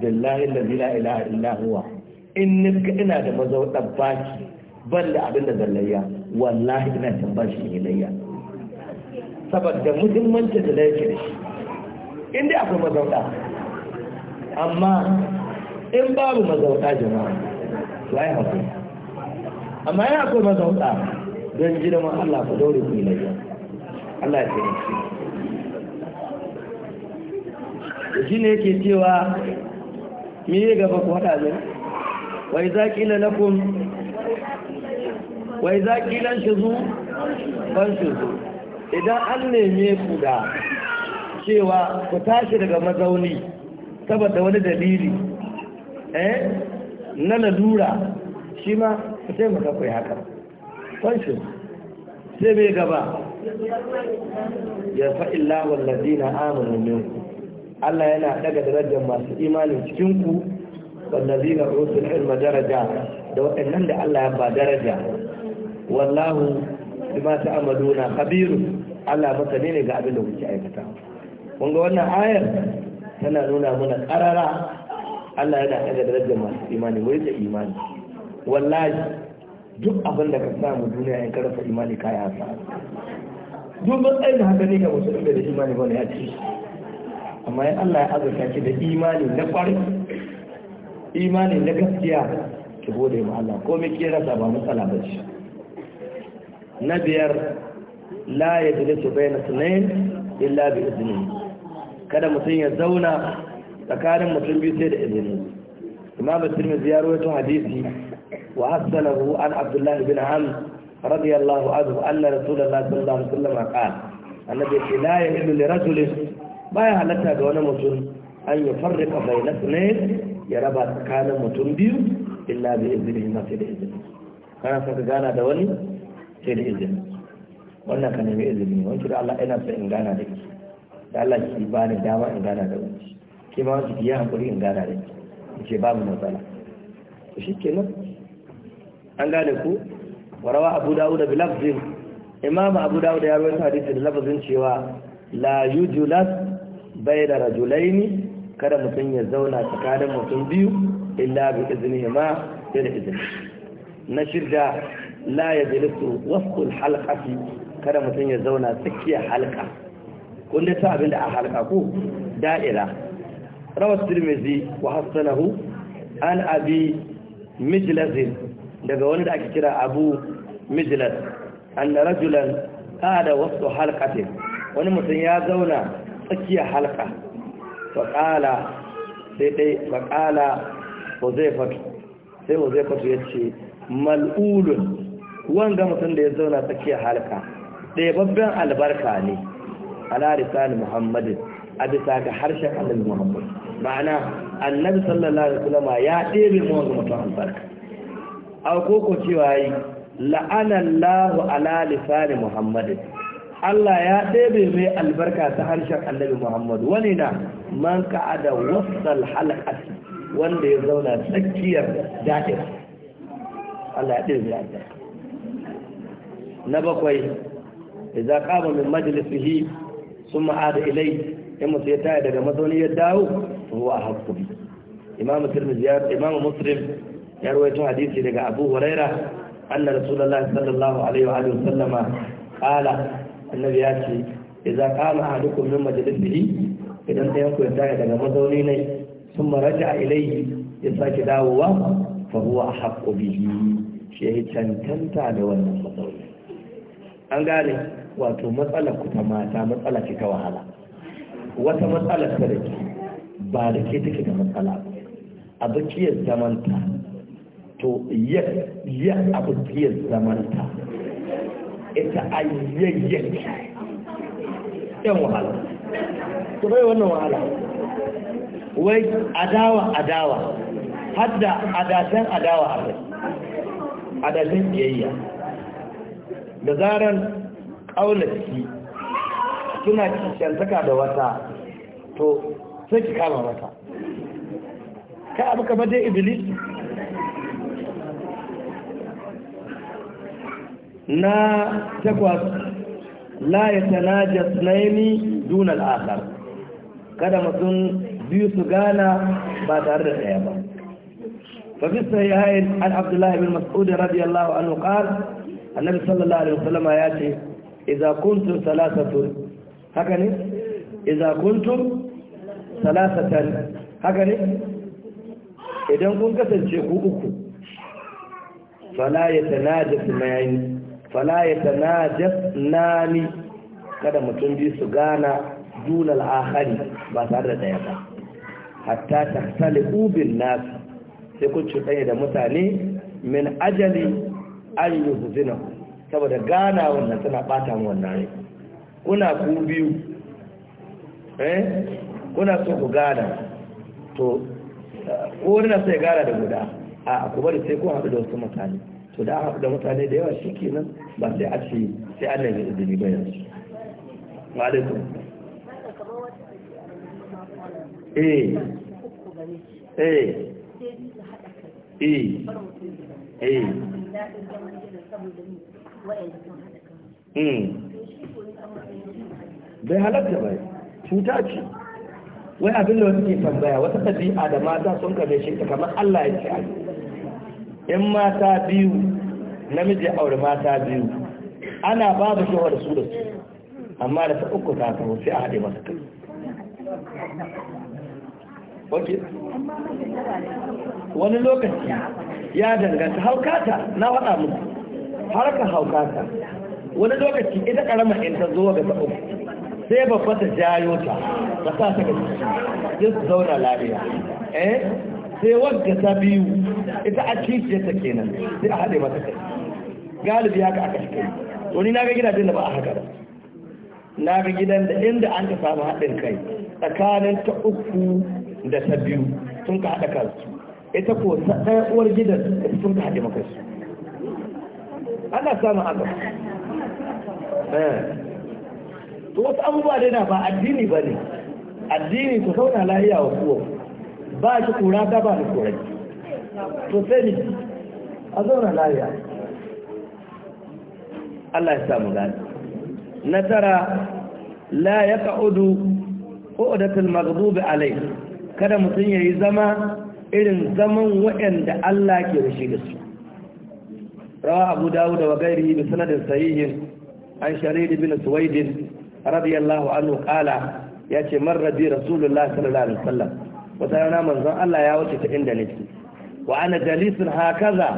billahi la ilaha huwa in nika ina da mazauɗar baki ban da abin da zallayya wallahi ina tambar shi ne layya saboda muhimmancin da yake da shi inda akwai mazauta amma in babu mazauta jama'a to ai hakuri amma ya akwai mazauta don ji da ma Allah ku daure ku yi layya Allah ya kare shi shi ne yake cewa me ya gaba ku haɗa min wai za ki na lakum wai za nan shi zu ban shi zu idan an neme ku da cewa ku tashi daga mazauni saboda wani dalili eh na lalura shi ma ku sai maka kai haka ban shi sai mai gaba ya fa'illa wallazina amanu minku Allah yana daga darajar masu imanin cikinku wallazina usul ilma daraja da waɗannan da Allah ya ba daraja wallahu bima ta'maluna khabirun Allah baka ne ga abin da kuke aikata kun ga wannan ayar tana nuna mana karara Allah yana daga darajar masu imani wai da imani wallahi duk abin da ka samu duniya in karfa imani ka ya sa duk matsayin da haka ne ga wasu inda da imani ba ne ya ci amma in Allah ya azurta ki da imani na kwari imani na gaskiya ki gode ma Allah ko me ke rasa ba matsala ba ce na biyar la ya jini su bai na sunayin illa bi izini kada mutum ya zauna tsakanin mutum biyu sai da izini imam musulmi ziyaro ya hadisi wa hassanahu an abdullahi bin ham radiyallahu anhu anna rasulullah sallallahu alaihi wasallam qala annabi ce la yahilu li rajulin baya halatta ga wani mutum an yi farrika bai na sunayin ya raba tsakanin mutum biyu illa bi izini na sai da izini kana saka gana da wani sai da izini wannan ka nemi izini wancan da Allah yana son in gana da ki da Allah ki ba ni dama in gana da wanki ke ma wasu biya hankuri in gana da ki ce babu matsala to shi kenan an gane ku warawa abu dawuda bi lafzin imam abu dawuda ya rawaita hadisi da lafzin cewa la bai bayna rajulaini kada mutum ya zauna tsakanin mutum biyu illa bi iznihima sai da izini na shirda la ya jilisu wasu halkafi kada mutum ya zauna tsakiya halka kunda ta abinda a halka ko da'ira rawar tirmizi wa hassanahu an abi mijilazin daga wani da ake kira abu mijilaz an da rajulan kada wasu halkatin wani mutum ya zauna tsakiya halka faƙala sai dai faƙala huzaifatu sai ya ce mal'ulun wanga mutum da ya zauna tsakiyar halka ɗayababben albarka ne ala risali muhammadin a bisa ga harshen annabi muhammad ma'ana annabi sallallahu alaihi wasallam ya ɗebe mu wanga mutum albarka a koko cewa yi la'anallahu ala lisani muhammadin Allah ya ɗebe mai albarka ta harshen annabi Muhammadu wani na man ka'ada wasal halakati wanda ya zauna tsakiyar da'ira Allah ya ɗebe mai albarka na bakwai idza qama min majlisihi thumma ada ilai in mutum ya taya daga mazauni ya dawo huwa haqqu bi imamu tirmidhi ya Imam muslim ya rawaito hadisi daga abu huraira anna rasulullahi sallallahu alaihi wa alihi qala annabi ya ce idza qama ahadukum min majlisihi idan ɗayan ku ya taya daga mazauni ne thumma raja'a ilai ya sake dawowa fa huwa haqqu bihi shi ya cancanta da wannan mazauni an gane wato matsalar ku ta mata matsala ce ta wahala wata matsalar ta da ba da ke take da matsala a bakiyar zamanta to ya a bakiyar zamanta ita a yayyan yan wahala ku bai wannan wahala wai adawa adawa hadda adatan adawa a kai adatan biyayya da zaran ƙaunarki suna kishantaka da wata to sai ki kama wata ka abu kamar dai iblis na takwas la ya tana jasnaini duna kada mutum biyu su gana ba tare da ɗaya ba ففي الصحيحين عن عبد الله بن مسعود رضي الله عنه قال annabi sallallahu alaihi wasallam ya ce idza kuntum salasatun haka ne idza kuntum salasatan haka ne idan kun kasance ku uku fala yatanajas mayani fala yatanajas nani kada mutum bi su gana dunal akhari ba tare da daya ba hatta tahtaliqu bin nas sai kun cuɗanya da mutane min ajali an yi huzina saboda gana wannan tana bata wannan rai kuna ku biyu eh kuna so ku gana to ko eh, wani na sai gana da guda a ku bari sai ku haɗu da wasu mutane to da haɗu da mutane da yawa shikenan ba sai a ce sai an nemi izini ba yanzu wa alaikum eh eh eh eh daɗin zaman hmm. bai halatta bai cuta ce wai abin da wani ke tambaya wata tabi'a da mata sun kame shi ta kamar Allah ya ce a in mata biyu namiji aure mata biyu ana babu shawar su da su amma da ta uku ta kawo sai a haɗe masu kai wani lokaci ya danganta haukata na faɗa muku harkar haukata wani lokaci ita karama in ta zo ga sa'o sai babba ta jayo ta ta sa ta gaji sai su zauna lafiya eh sai wadda ta biyu ita a ta kenan sai a haɗe mata kai galibi haka aka shi kai wani na ga gidajen da ba a haka ba na ga gidan da inda an ka samu haɗin kai tsakanin ta uku da ta biyu sun ka haɗa kansu ita ko ɗaya uwar gidan ita sun ta haɗe maka ana samun haka eh. to wasu abubuwa dai na ba addini ba ne addini ku zauna lahiya wa kuwa ba shi kura ta ba da kura to sai ne a zauna lahiya Allah ya samu gani na tara la ya ka'udu ƙo'adatul maghdubi alai kada mutum ya yi zama irin zaman waɗanda Allah ke rushe da su rawa abu dawud da gairi bi sanadin sahihin an sharid bin suwaidin radiyallahu anhu qala yace marra bi rasulullah sallallahu alaihi wasallam wata rana manzon Allah ya wuce ta inda nake wa ana jalisun hakaza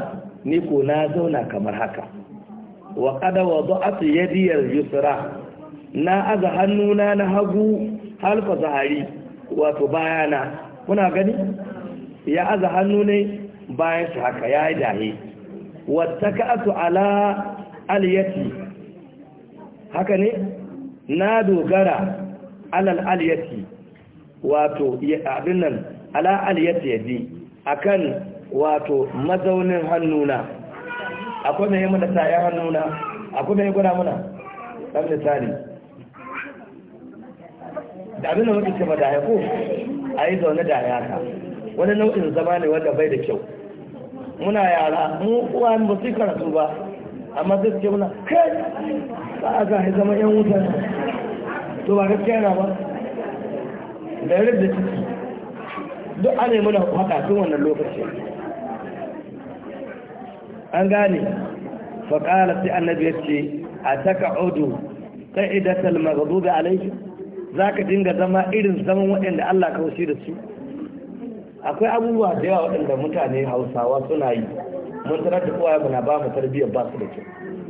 ni ko na zauna kamar haka wa qad wada'at yadi al-yusra na aza hannuna na hagu halfa zahari wato bayana kuna gani ya aza hannu ne bayan shi haka ya yi dahe wata ka'atu ala aliyati haka ne na dogara alal aliyati wato abin nan ala aliyati a akan wato mazaunin hannuna akwai mai mana tsaye hannuna akwai mai gwada mana ɗan misali da abin da mutu ce ba da haiku a yi zaune da ya haka wani nau'in zama ne wanda bai da kyau muna yara mu uwa ba su karatu ba amma sai suke muna kai ba a zahi zama yan wutan to ba gaskiya na ba da yarda da ciki duk ana yi muna haka tun wannan lokaci an gane faƙala sai annabi ya ce a taka odo ƙa'idatar da alaiki za ka dinga zama irin zaman waɗanda Allah ka wuce da su akwai abubuwa da yawa waɗanda mutane hausawa suna yi mun tara da kowa yana ba mu tarbiyyar ba su da kyau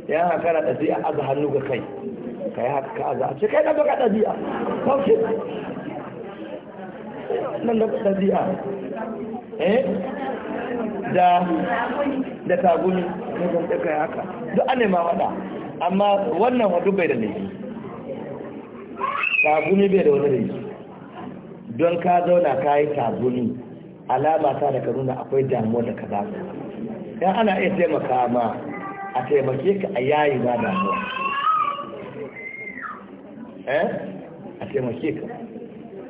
ya haka na a aza hannu ga kai Ka yi haka ka aza a ce kai na baka ɗabi'a kawai nan da ɗabi'a eh da da tagumi ne zan ɗaka ya haka duk an nema waɗa amma wannan wadu bai da laifi taguni bai da wani laifi don ka zauna ka yi taguni alama ta daga nuna akwai damuwa da ka idan ana iya taimaka ma a taimake ka a yayi na damuwa eh a taimake ka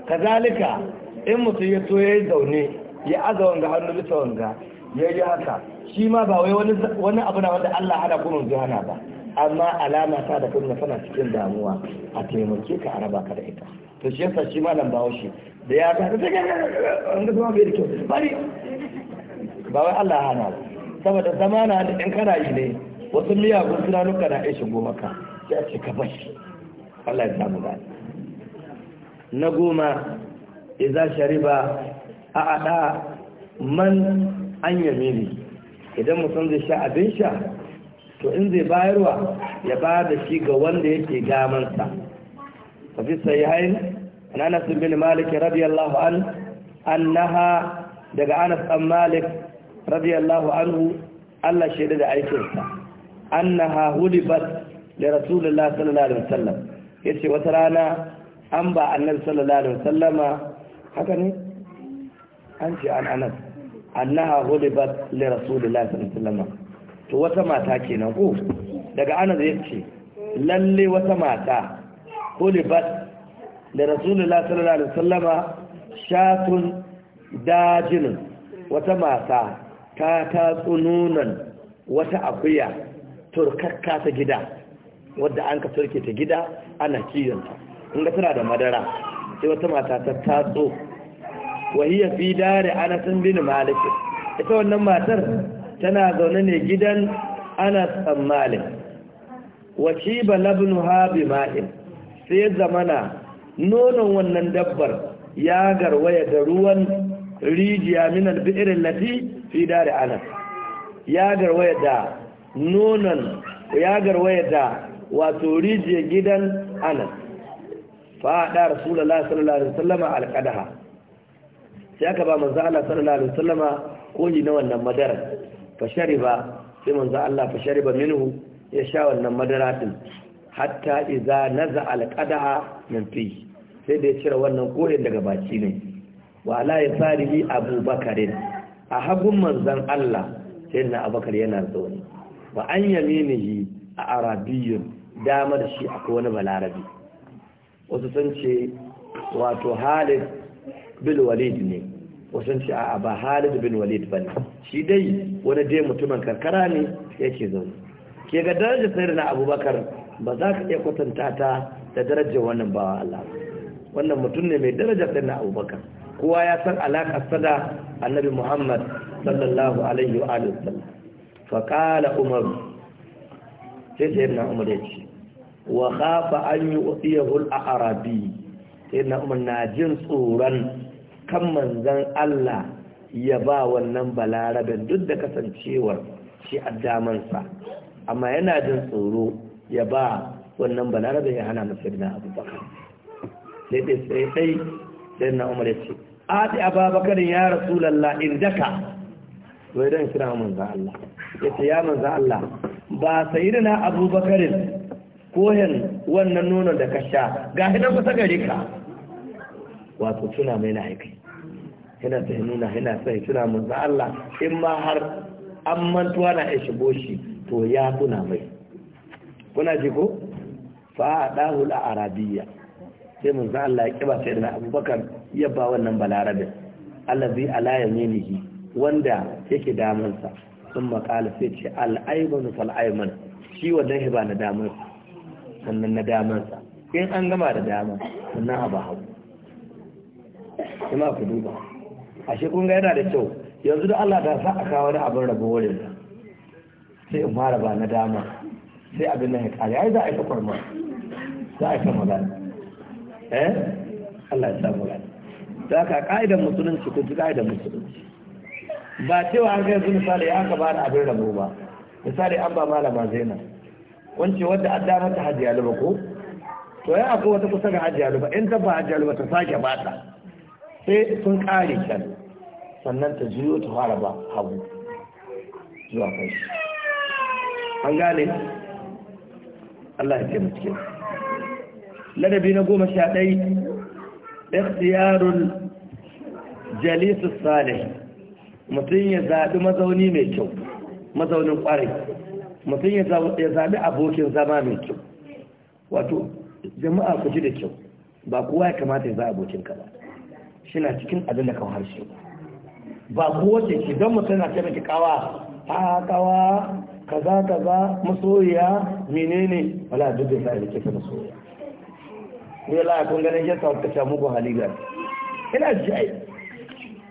kazalika in mutum ya so ya yi zaune ya aza wanga hannu bisa wanga ya yi haka shi ma ba wai wani abu na wanda Allah hana kuma zuwa hana ba amma alama ta daga nuna tana cikin damuwa a taimake ka a raba ka da ita to shi yasa shi malam ba shi da ya ta ta ga ga zama ga da bari ba wai Allah hana ba saboda zamana da ɗan kana yi ne wasu miyagun tunanuka na iya shigo maka sai ce ka bashi Allah ya samu gani na goma iza shariba a ada man an yamini idan mutum zai sha abin sha to in zai bayarwa ya ba da shi ga wanda yake gamansa وفي الصحيحين عن أنس بن مالك رضي الله عنه أنها دقى أنس بن مالك رضي الله عنه الله شهد عيسى أنها هلبت لرسول الله صلى الله عليه وسلم يسي وترانا أنبع النبي صلى الله عليه وسلم هكذا أنت عن أنس أنها هلبت لرسول الله صلى الله عليه وسلم to wata mata kenan ko daga ana da yake lalle wata mata ko da rasulullah sallallahu alaihi wasallama shatun dajinin wata mata ta tatsu wata akuya turkakka ta gida wadda an ka turke ta gida ana kiyonta in ga tana da madara sai wata mata ta tatso wahiyar fi dare anasin bin malik ita wannan matar tana zaune ne gidan anas malik wakiba labnu ha bi ma'in sai ya zamana nonon wannan dabbar ya garwaya da ruwan rijiya min bi'irin lati fi dare anas ya garwaya da nonon ya garwaya da wato rijiyar gidan anas fada rasulullah sallallahu alaihi wasallam alqadaha sai aka ba manzo Allah sallallahu alaihi wasallam koji na wannan madara fa shariba sai manzo Allah fa shariba minhu ya sha wannan madara din hatta iza naza alqada min fi sai da ya cire wannan koren daga baki ne wa ala yasarihi abubakarin a hagun manzan Allah sai na abubakar yana zaune wa an shi a arabiyyun damar shi akwai wani balarabi wasu sun ce wato Halid bin Walid ne wasu ce a ba Halid bin Walid bane shi dai wani dai mutumin karkara ne yake zaune ke ga darajar sayyidina Abubakar ba za ka iya kwatanta ta da darajar wannan bawa Allah wannan mutum ne mai darajar ɗin na abubakar kowa ya san alaƙar sada annabi muhammad sallallahu alaihi wa sallam faƙala umar sai sai na umar ya ce wa khafa an yi a arabi sai na umar na jin tsoron kan manzan allah ya ba wannan balarabin duk da kasancewar shi a damansa amma yana jin tsoro ya ba wannan balarabe ya hana masa ibn abubakar sai dai sai sai sai na umar ya ce ati ababakar ya rasu rasulullah indaka wai dan kira manzo Allah Ya ce ya manzo Allah ba sai sayyidina abubakar kohen wannan nonon da ka sha ga hidan kusa gare ka wato tuna mai na aiki yana sai nuna yana sai tuna manzo Allah in ma har an mantuwa na ya shigo shi to ya tuna mai kuna ji ko fa dahu al-arabiyya sai san Allah ya kiba sai da Abubakar ya ba wannan balarabin allazi ala yaminihi wanda yake damansa sun makala sai ce fal aiman shi wannan shi ba na damansa sannan na damansa in an gama da dama sannan a ba hau Ina ku duba Ashe kun ga yana da kyau yanzu da Allah ta sa a kawo wani abin rabo wurin sai in fara ba na dama sai abin nan ya kare ai za a yi ta ma, za a yi ta magana eh Allah ya samu gani da haka ka'idar musulunci ku ji ka'idar musulunci ba cewa an kai zuni sale ya aka bani abin rabo ba misali an ba malama zainab wance wadda an da mata hajiya luba ko to ya akwai wata kusa ga hajiya luba in ta ba hajiya luba ta sake bata sai sun kare can sannan ta juyo ta fara ba hagu zuwa kai an gane Allah ya taimake ladabi na goma sha ɗai ɗaktiyarun jalisu salih mutum ya zaɓi mazauni mai kyau mazaunin ƙwarai mutum ya zaɓi abokin zama mai kyau wato jama'a ku ji da kyau ba kowa ya kamata ya za abokin ka ba shi na cikin abin da kan harshe ba kowace ce don mutum na taimaki kawa akawa kaza kaza masoyiya menene wala duk da sai kike masoyiya ne la kun ganin ya ta ta muku haliga ina ji ai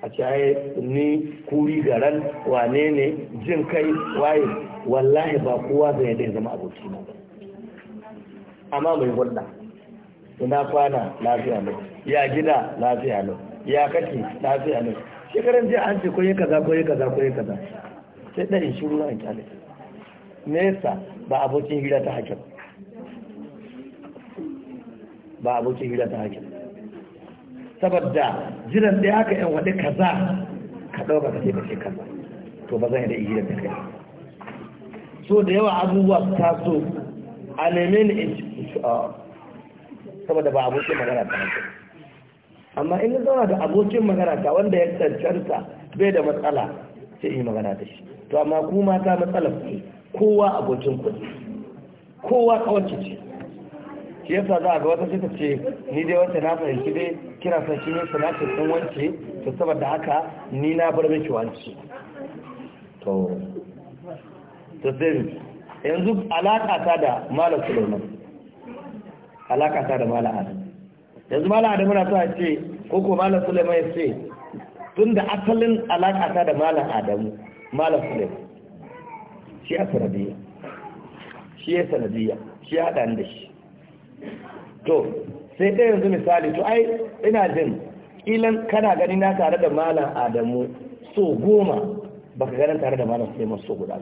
a ce ni kuri garan wane ne jin kai waye wallahi ba kowa zai yadda zama aboki na amma mai hulɗa ina kwana lafiya ne ya gida lafiya ne ya kake lafiya ne shekaran jiya an ce ko yi kaza ko yi kaza ko yi kaza sai ɗari shi ruwa in kyale nesa ba abokin hira ta hakan ba abokin hira ta hakan saboda jiran ɗaya haka yan waɗe kaza ka ɗauka ka sai ka ce kaza to ba zan yi da hira da kai so da yawa abubuwa su taso a neme ni in ci saboda ba abokin magana ta hakan amma in zauna da abokin magana ta wanda ya cancanta bai da matsala sai in yi magana da shi to amma kuma ka matsalar ku kowa abokin ku kowa kawance ce shi yasa za a ga wata suka ce ni dai wata na fahimci dai kira sa shi ne sanatin sun wance to saboda haka ni na bar miki wance to to sai yanzu alaƙa ta da malam Sulaiman alaka ta da malam Adam yanzu malam Adam na so a ce ko ko malam Sulaiman ya ce tun da asalin alaƙa ta da malam adamu malam sulim shi a sanadiyya shi ya sanadiyya shi ya haɗa da shi to sai ɗaya yanzu misali to ai ina jin ƙilan kana gani na tare da malam adamu so goma baka ganin tare da malam suleiman so guda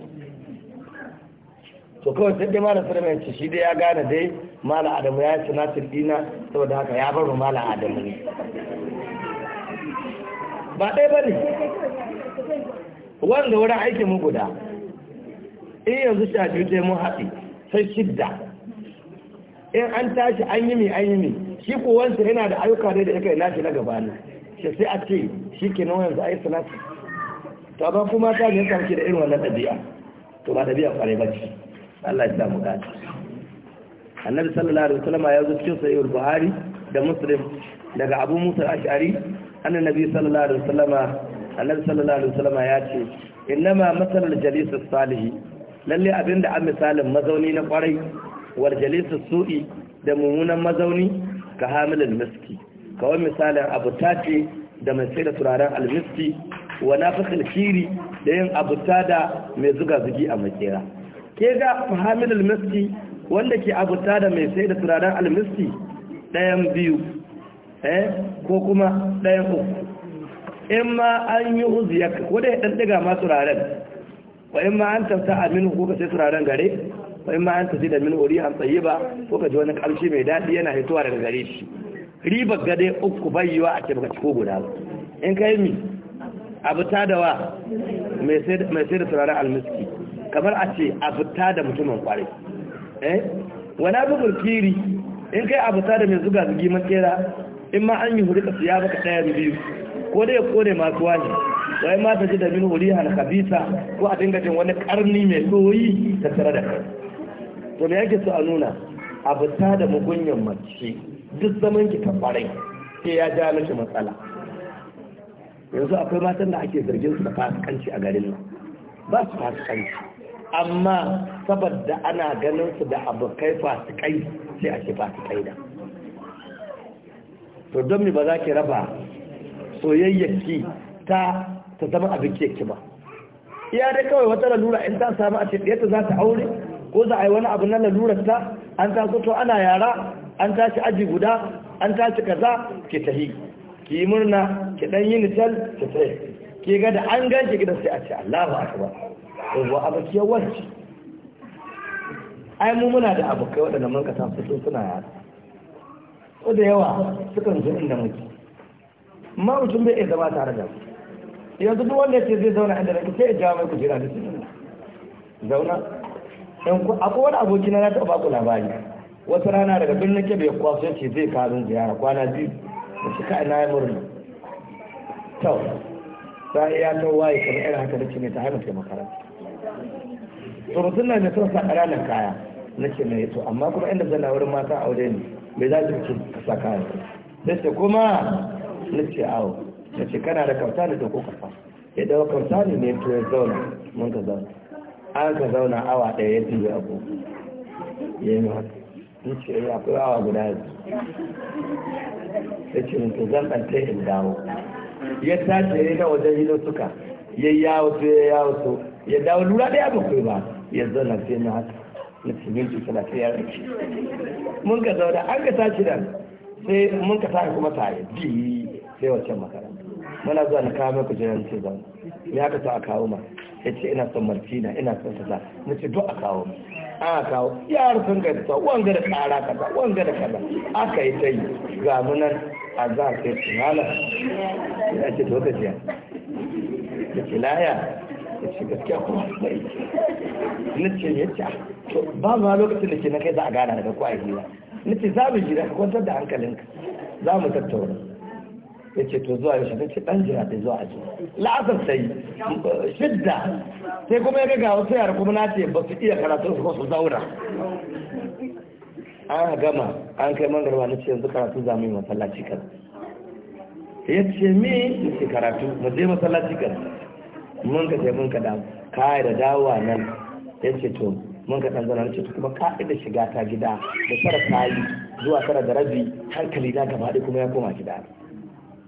to kawai sai dai malam suleiman ce shi dai ya gane dai malam adamu ya yi nasir dina saboda haka ya bar malam adamu ne ba ɗaya ba ne wanda wurin aiki mu guda in yanzu sha biyu sai mun haɗi sai shidda in an tashi an yi mai an yi mai shi ko wancan yana da ayyuka dai da yake nashi na gaba ne shi sai a ce shi ke nan yanzu ayi salati to ba kuma ta ne yasa da irin wannan ɗabi'a to ba ɗabi'a kwarai ba ce Allah ya samu gadi annabi sallallahu alaihi wasallam ya zo cikin sahihul buhari da muslim daga abu musa ash'ari annan nabi sallallahu alaihi wasallama annabi sallallahu alaihi wasallama ya ce innama masalul jalis as-salih lalle abinda an misalin mazauni na kwarai wal jalis su'i da mummunan mazauni ka hamilul miski kawai misalin abu tace da mai sai da turaren almiski wa nafikhul kiri da yin abu da mai zuga zugi a makera ke ga hamilul miski wanda ke abu da mai sai da turaren almiski ɗayan biyu eh ko kuma ɗayan uku in ma an yi uziyarka ko dai ɗan ɗiga ma turaren wa in ma an tafta minu ko ka sai turaren gare wa in ma an tafi da minu ori an tsaye ba ko ka ji wani ƙamshi mai daɗi yana hitowa daga gare shi ribar gade uku bayyuwa a ce baka ko guda ba in kai mi abu ta da wa mai sai da turaren almiski kamar a ce abu ta da mutumin kwarai eh wani abu kiri in kai abu ta da mai zuga zugi makera in ma an yi hurika su ya baka ɗaya da biyu ko dai ko kone masu wani wai ma ta ji da min huriha na kabisa ko a dinga jin wani karni mai soyi ta tare da kai to me yake so a nuna abu ta da mugunyan mace duk zaman ki ta kwarai sai ya ja miki matsala yanzu akwai matan da ake zargin su da fasikanci a garin nan ba su fasikanci amma saboda ana ganin su da abokai fasikai sai ake fasikai da to don mi ba za ki raba soyayyaki ta ta zama abin keke ba iya dai kawai wata lalura in ta samu a cikin ta za ta aure ko za a yi wani abu na lalurar ta an ta to ana yara an tashi aji guda an tashi kaza ki tahi ki yi murna ki dan yi nital ki tsaye ki ga da an ganki gidan sai a ce Allahu akbar to wa wacce ai mu muna da abokai waɗanda mun ka suna yara ko da yawa sukan zo inda muke amma mutum bai iya zama tare da ku yanzu duk wanda yake zai zauna inda nake sai ya jawo mai jira da su zauna in ku akwai wani abokina na taɓa ku labari wata rana daga birnin kebe ya kwaso ce zai kawo ziyara kwana biyu da shi kai na yi murna to sai ya ta waye kamar irin haka da ne ta haifa makaranta mutum na mai son sa ƙananan kaya nake mai to amma kuma inda zana wurin mata aure ne bai za su ce kasa sa kayan sai ce kuma na ce awo na ce kana da kauta da ko kafa ya dawa kauta ne ne to ya zauna mun ka zauna an ka zauna awa ɗaya ya tuyo abu ya yi haka ya ce ya eh, akwai awa guda yanzu ya ce mutu zan ɗanta in dawo ya tace ya na wajen hilo suka ya yi yawo su ya yi yawo su ya dawo lura ɗaya ba kai ba ya zauna sai na haka na siminti suna ta yara mun ka zaune an ka tashi da sai mun ka tashi kuma tare ji sai wancan makaranta muna zuwa na kawo ku jiran ce zaune ya ka so a kawo ma ya ce ina son martina ina son kaza na ce duk a kawo a kawo yar sun ka ta wanga da kara kaza wanga da kaza aka yi yi, ga mu a za a kai tunala ya ce to gajiya da kilaya ya ce gaskiya kuma sai na ce ya ce ah, ba ma lokacin da ke na kai za a gana daga kwaye gida na ce za mu jira ka kwantar da hankalinka za mu tattauna ya ce to zuwa yaushe na ce ɗan jira sai zuwa aji la'asar sai shidda sai kuma ya ga ga wasu yara kuma na ce ba su iya karatu su ko su zauna an gama an kai mangarwa na ce yanzu karatu za mu yi masallaci kan ya ce me na ce karatu mu je masallaci kan mun ka je mun ka da ka da dawowa nan ya ce to mun ka ɗan zana ce to kuma ka da shiga ta gida da tara kayi zuwa tara da rabi hankali na gaba kuma ya koma gida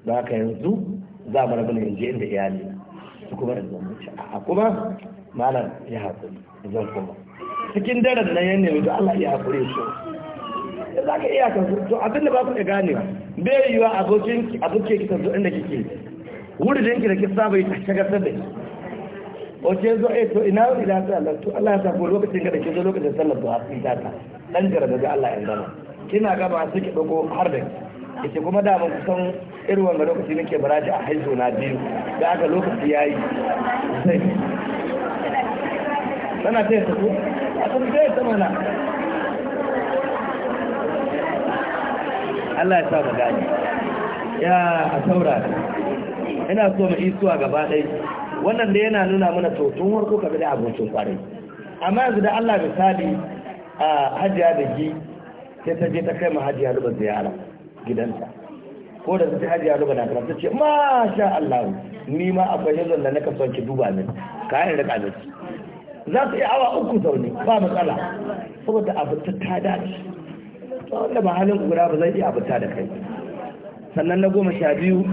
ba ka yanzu za mu rabu ne in je inda iyali su kuma da zan ce a kuma malam ya haƙuri zan kuma cikin daren nan ya nemi to Allah ya haƙuri su za ka iya kan to abinda ba ku iya ba bai yiwa abokin abokin kitan zo inda kike wuri da yake da kisa bai shagartar da shi wace zo a eh, to ina wuri da Allah to Allah ya sa ko lokacin gada ke zo lokacin sallar da hafi ta ta dan jira daga Allah ya zama kina gaba su ke dago har da ce kuma da mun kusan irin wannan lokaci nake baraji a haizo na biyu da aka lokaci ya sai tana ta yi tafi a kuma ta yi ta mana Allah ya sa mu gani ya a saurara ina so mu isuwa gaba dai wannan da yana nuna mana to tun warko ka da abincin kwarai amma yanzu da Allah misali a hajiya da ji sai ta je ta kai mu hajiya ruba ziyara gidanta ko da ta hajiya ruba na karatu ce masha Allah ni ma akwai yanzu da na ki duba min kayan da kalmaki za su yi awa uku zaune ba matsala saboda abu ta ta dace wanda ba halin guda ba zai iya ta da kai sannan na goma sha biyu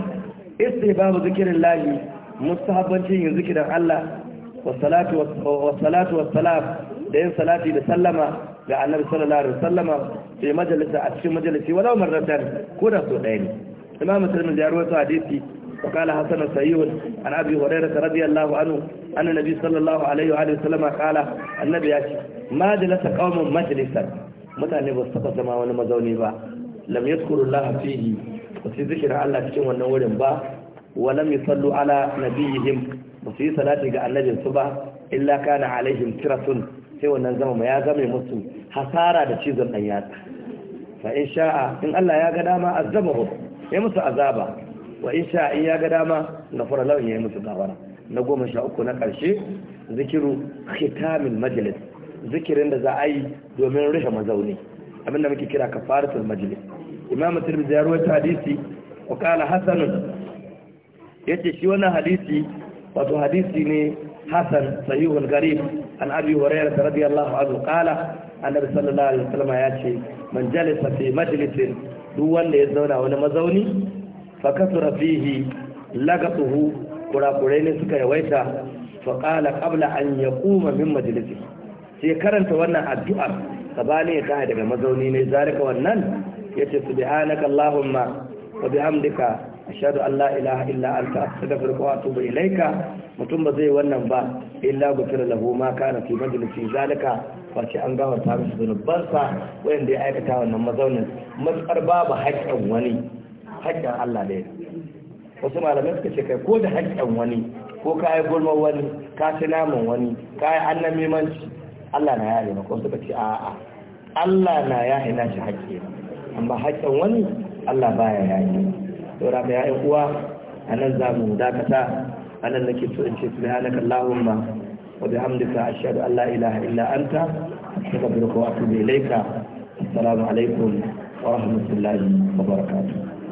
babu zikirin lahi mustahabbancin yin zikirin Allah Wasalatu Wasalam da yin salati da sallama ga annabi sallallahu alaihi wasallama fi majalisa a cikin majalisi walau marratan ko da so ɗaya ne imam muslim da yarwato hadisi وقال حسن سيئ عن أبي هريرة رضي الله عنه أن النبي صلى الله عليه وآله وسلم قال النبي أشي ما جلس قوم مجلسا متى نبسط زمان ونمزوني با لم يذكر الله فيه ba su yi zikirin Allah cikin wannan wurin ba mai yusallu ala nabiyihim ba su yi salati ga annabin su ba illa kana alaihim tirasun sai wannan zama ya zame musu hasara da cizon dan yatsa fa in sha'a in Allah ya ga dama azabahu ya musu azaba wa in sha'a in ya ga dama gafara lahu ya musu gafara na goma sha uku na ƙarshe zikiru hitamin majalis zikirin da za a yi domin rufe mazauni abinda muke kira kafaratul majalis imam tirmidhi ya rawaita hadisi wa hasan yace shi wannan hadisi wato hadisi ne hasan sahihul gharib an abi hurairah radiyallahu anhu qala annabi sallallahu alaihi wasallam yace man jalasa fi majlisin duk wanda ya zauna wani mazauni fa kasura fihi lagatuhu kurakurai ne suka yawaita fa qala qabla an yaquma min majlisihi sai karanta wannan addu'ar gabani ya kai daga mazauni ne zarika wannan yace subhanaka allahumma wa bihamdika ashhadu an la ilaha illa anta astaghfiruka wa atubu ilaika mutum ba zai wannan ba illa gufira lahu ma kana fi majlisi zalika face an gawarta mishi zunubansa wanda ya aikata wannan mazaunin matsar babu haƙƙin wani haƙƙin Allah ɗaya wasu malamai suka ce kai ko da haƙƙin wani ko ka yi gulmar wani ka ci naman wani ka yi annan mimanci Allah na yare maka wasu ka ce a'a Allah na yare na shi haƙƙi amma haƙƙin wani Allah baya yayi saboda mai ya'yan uwa a nan za mu dakata a nan nake so in ce subhanaka allahumma wa bihamdika ashhadu an la ilaha illa anta astaghfiruka wa atubu ilayka assalamu alaikum wa rahmatullahi wa barakatuh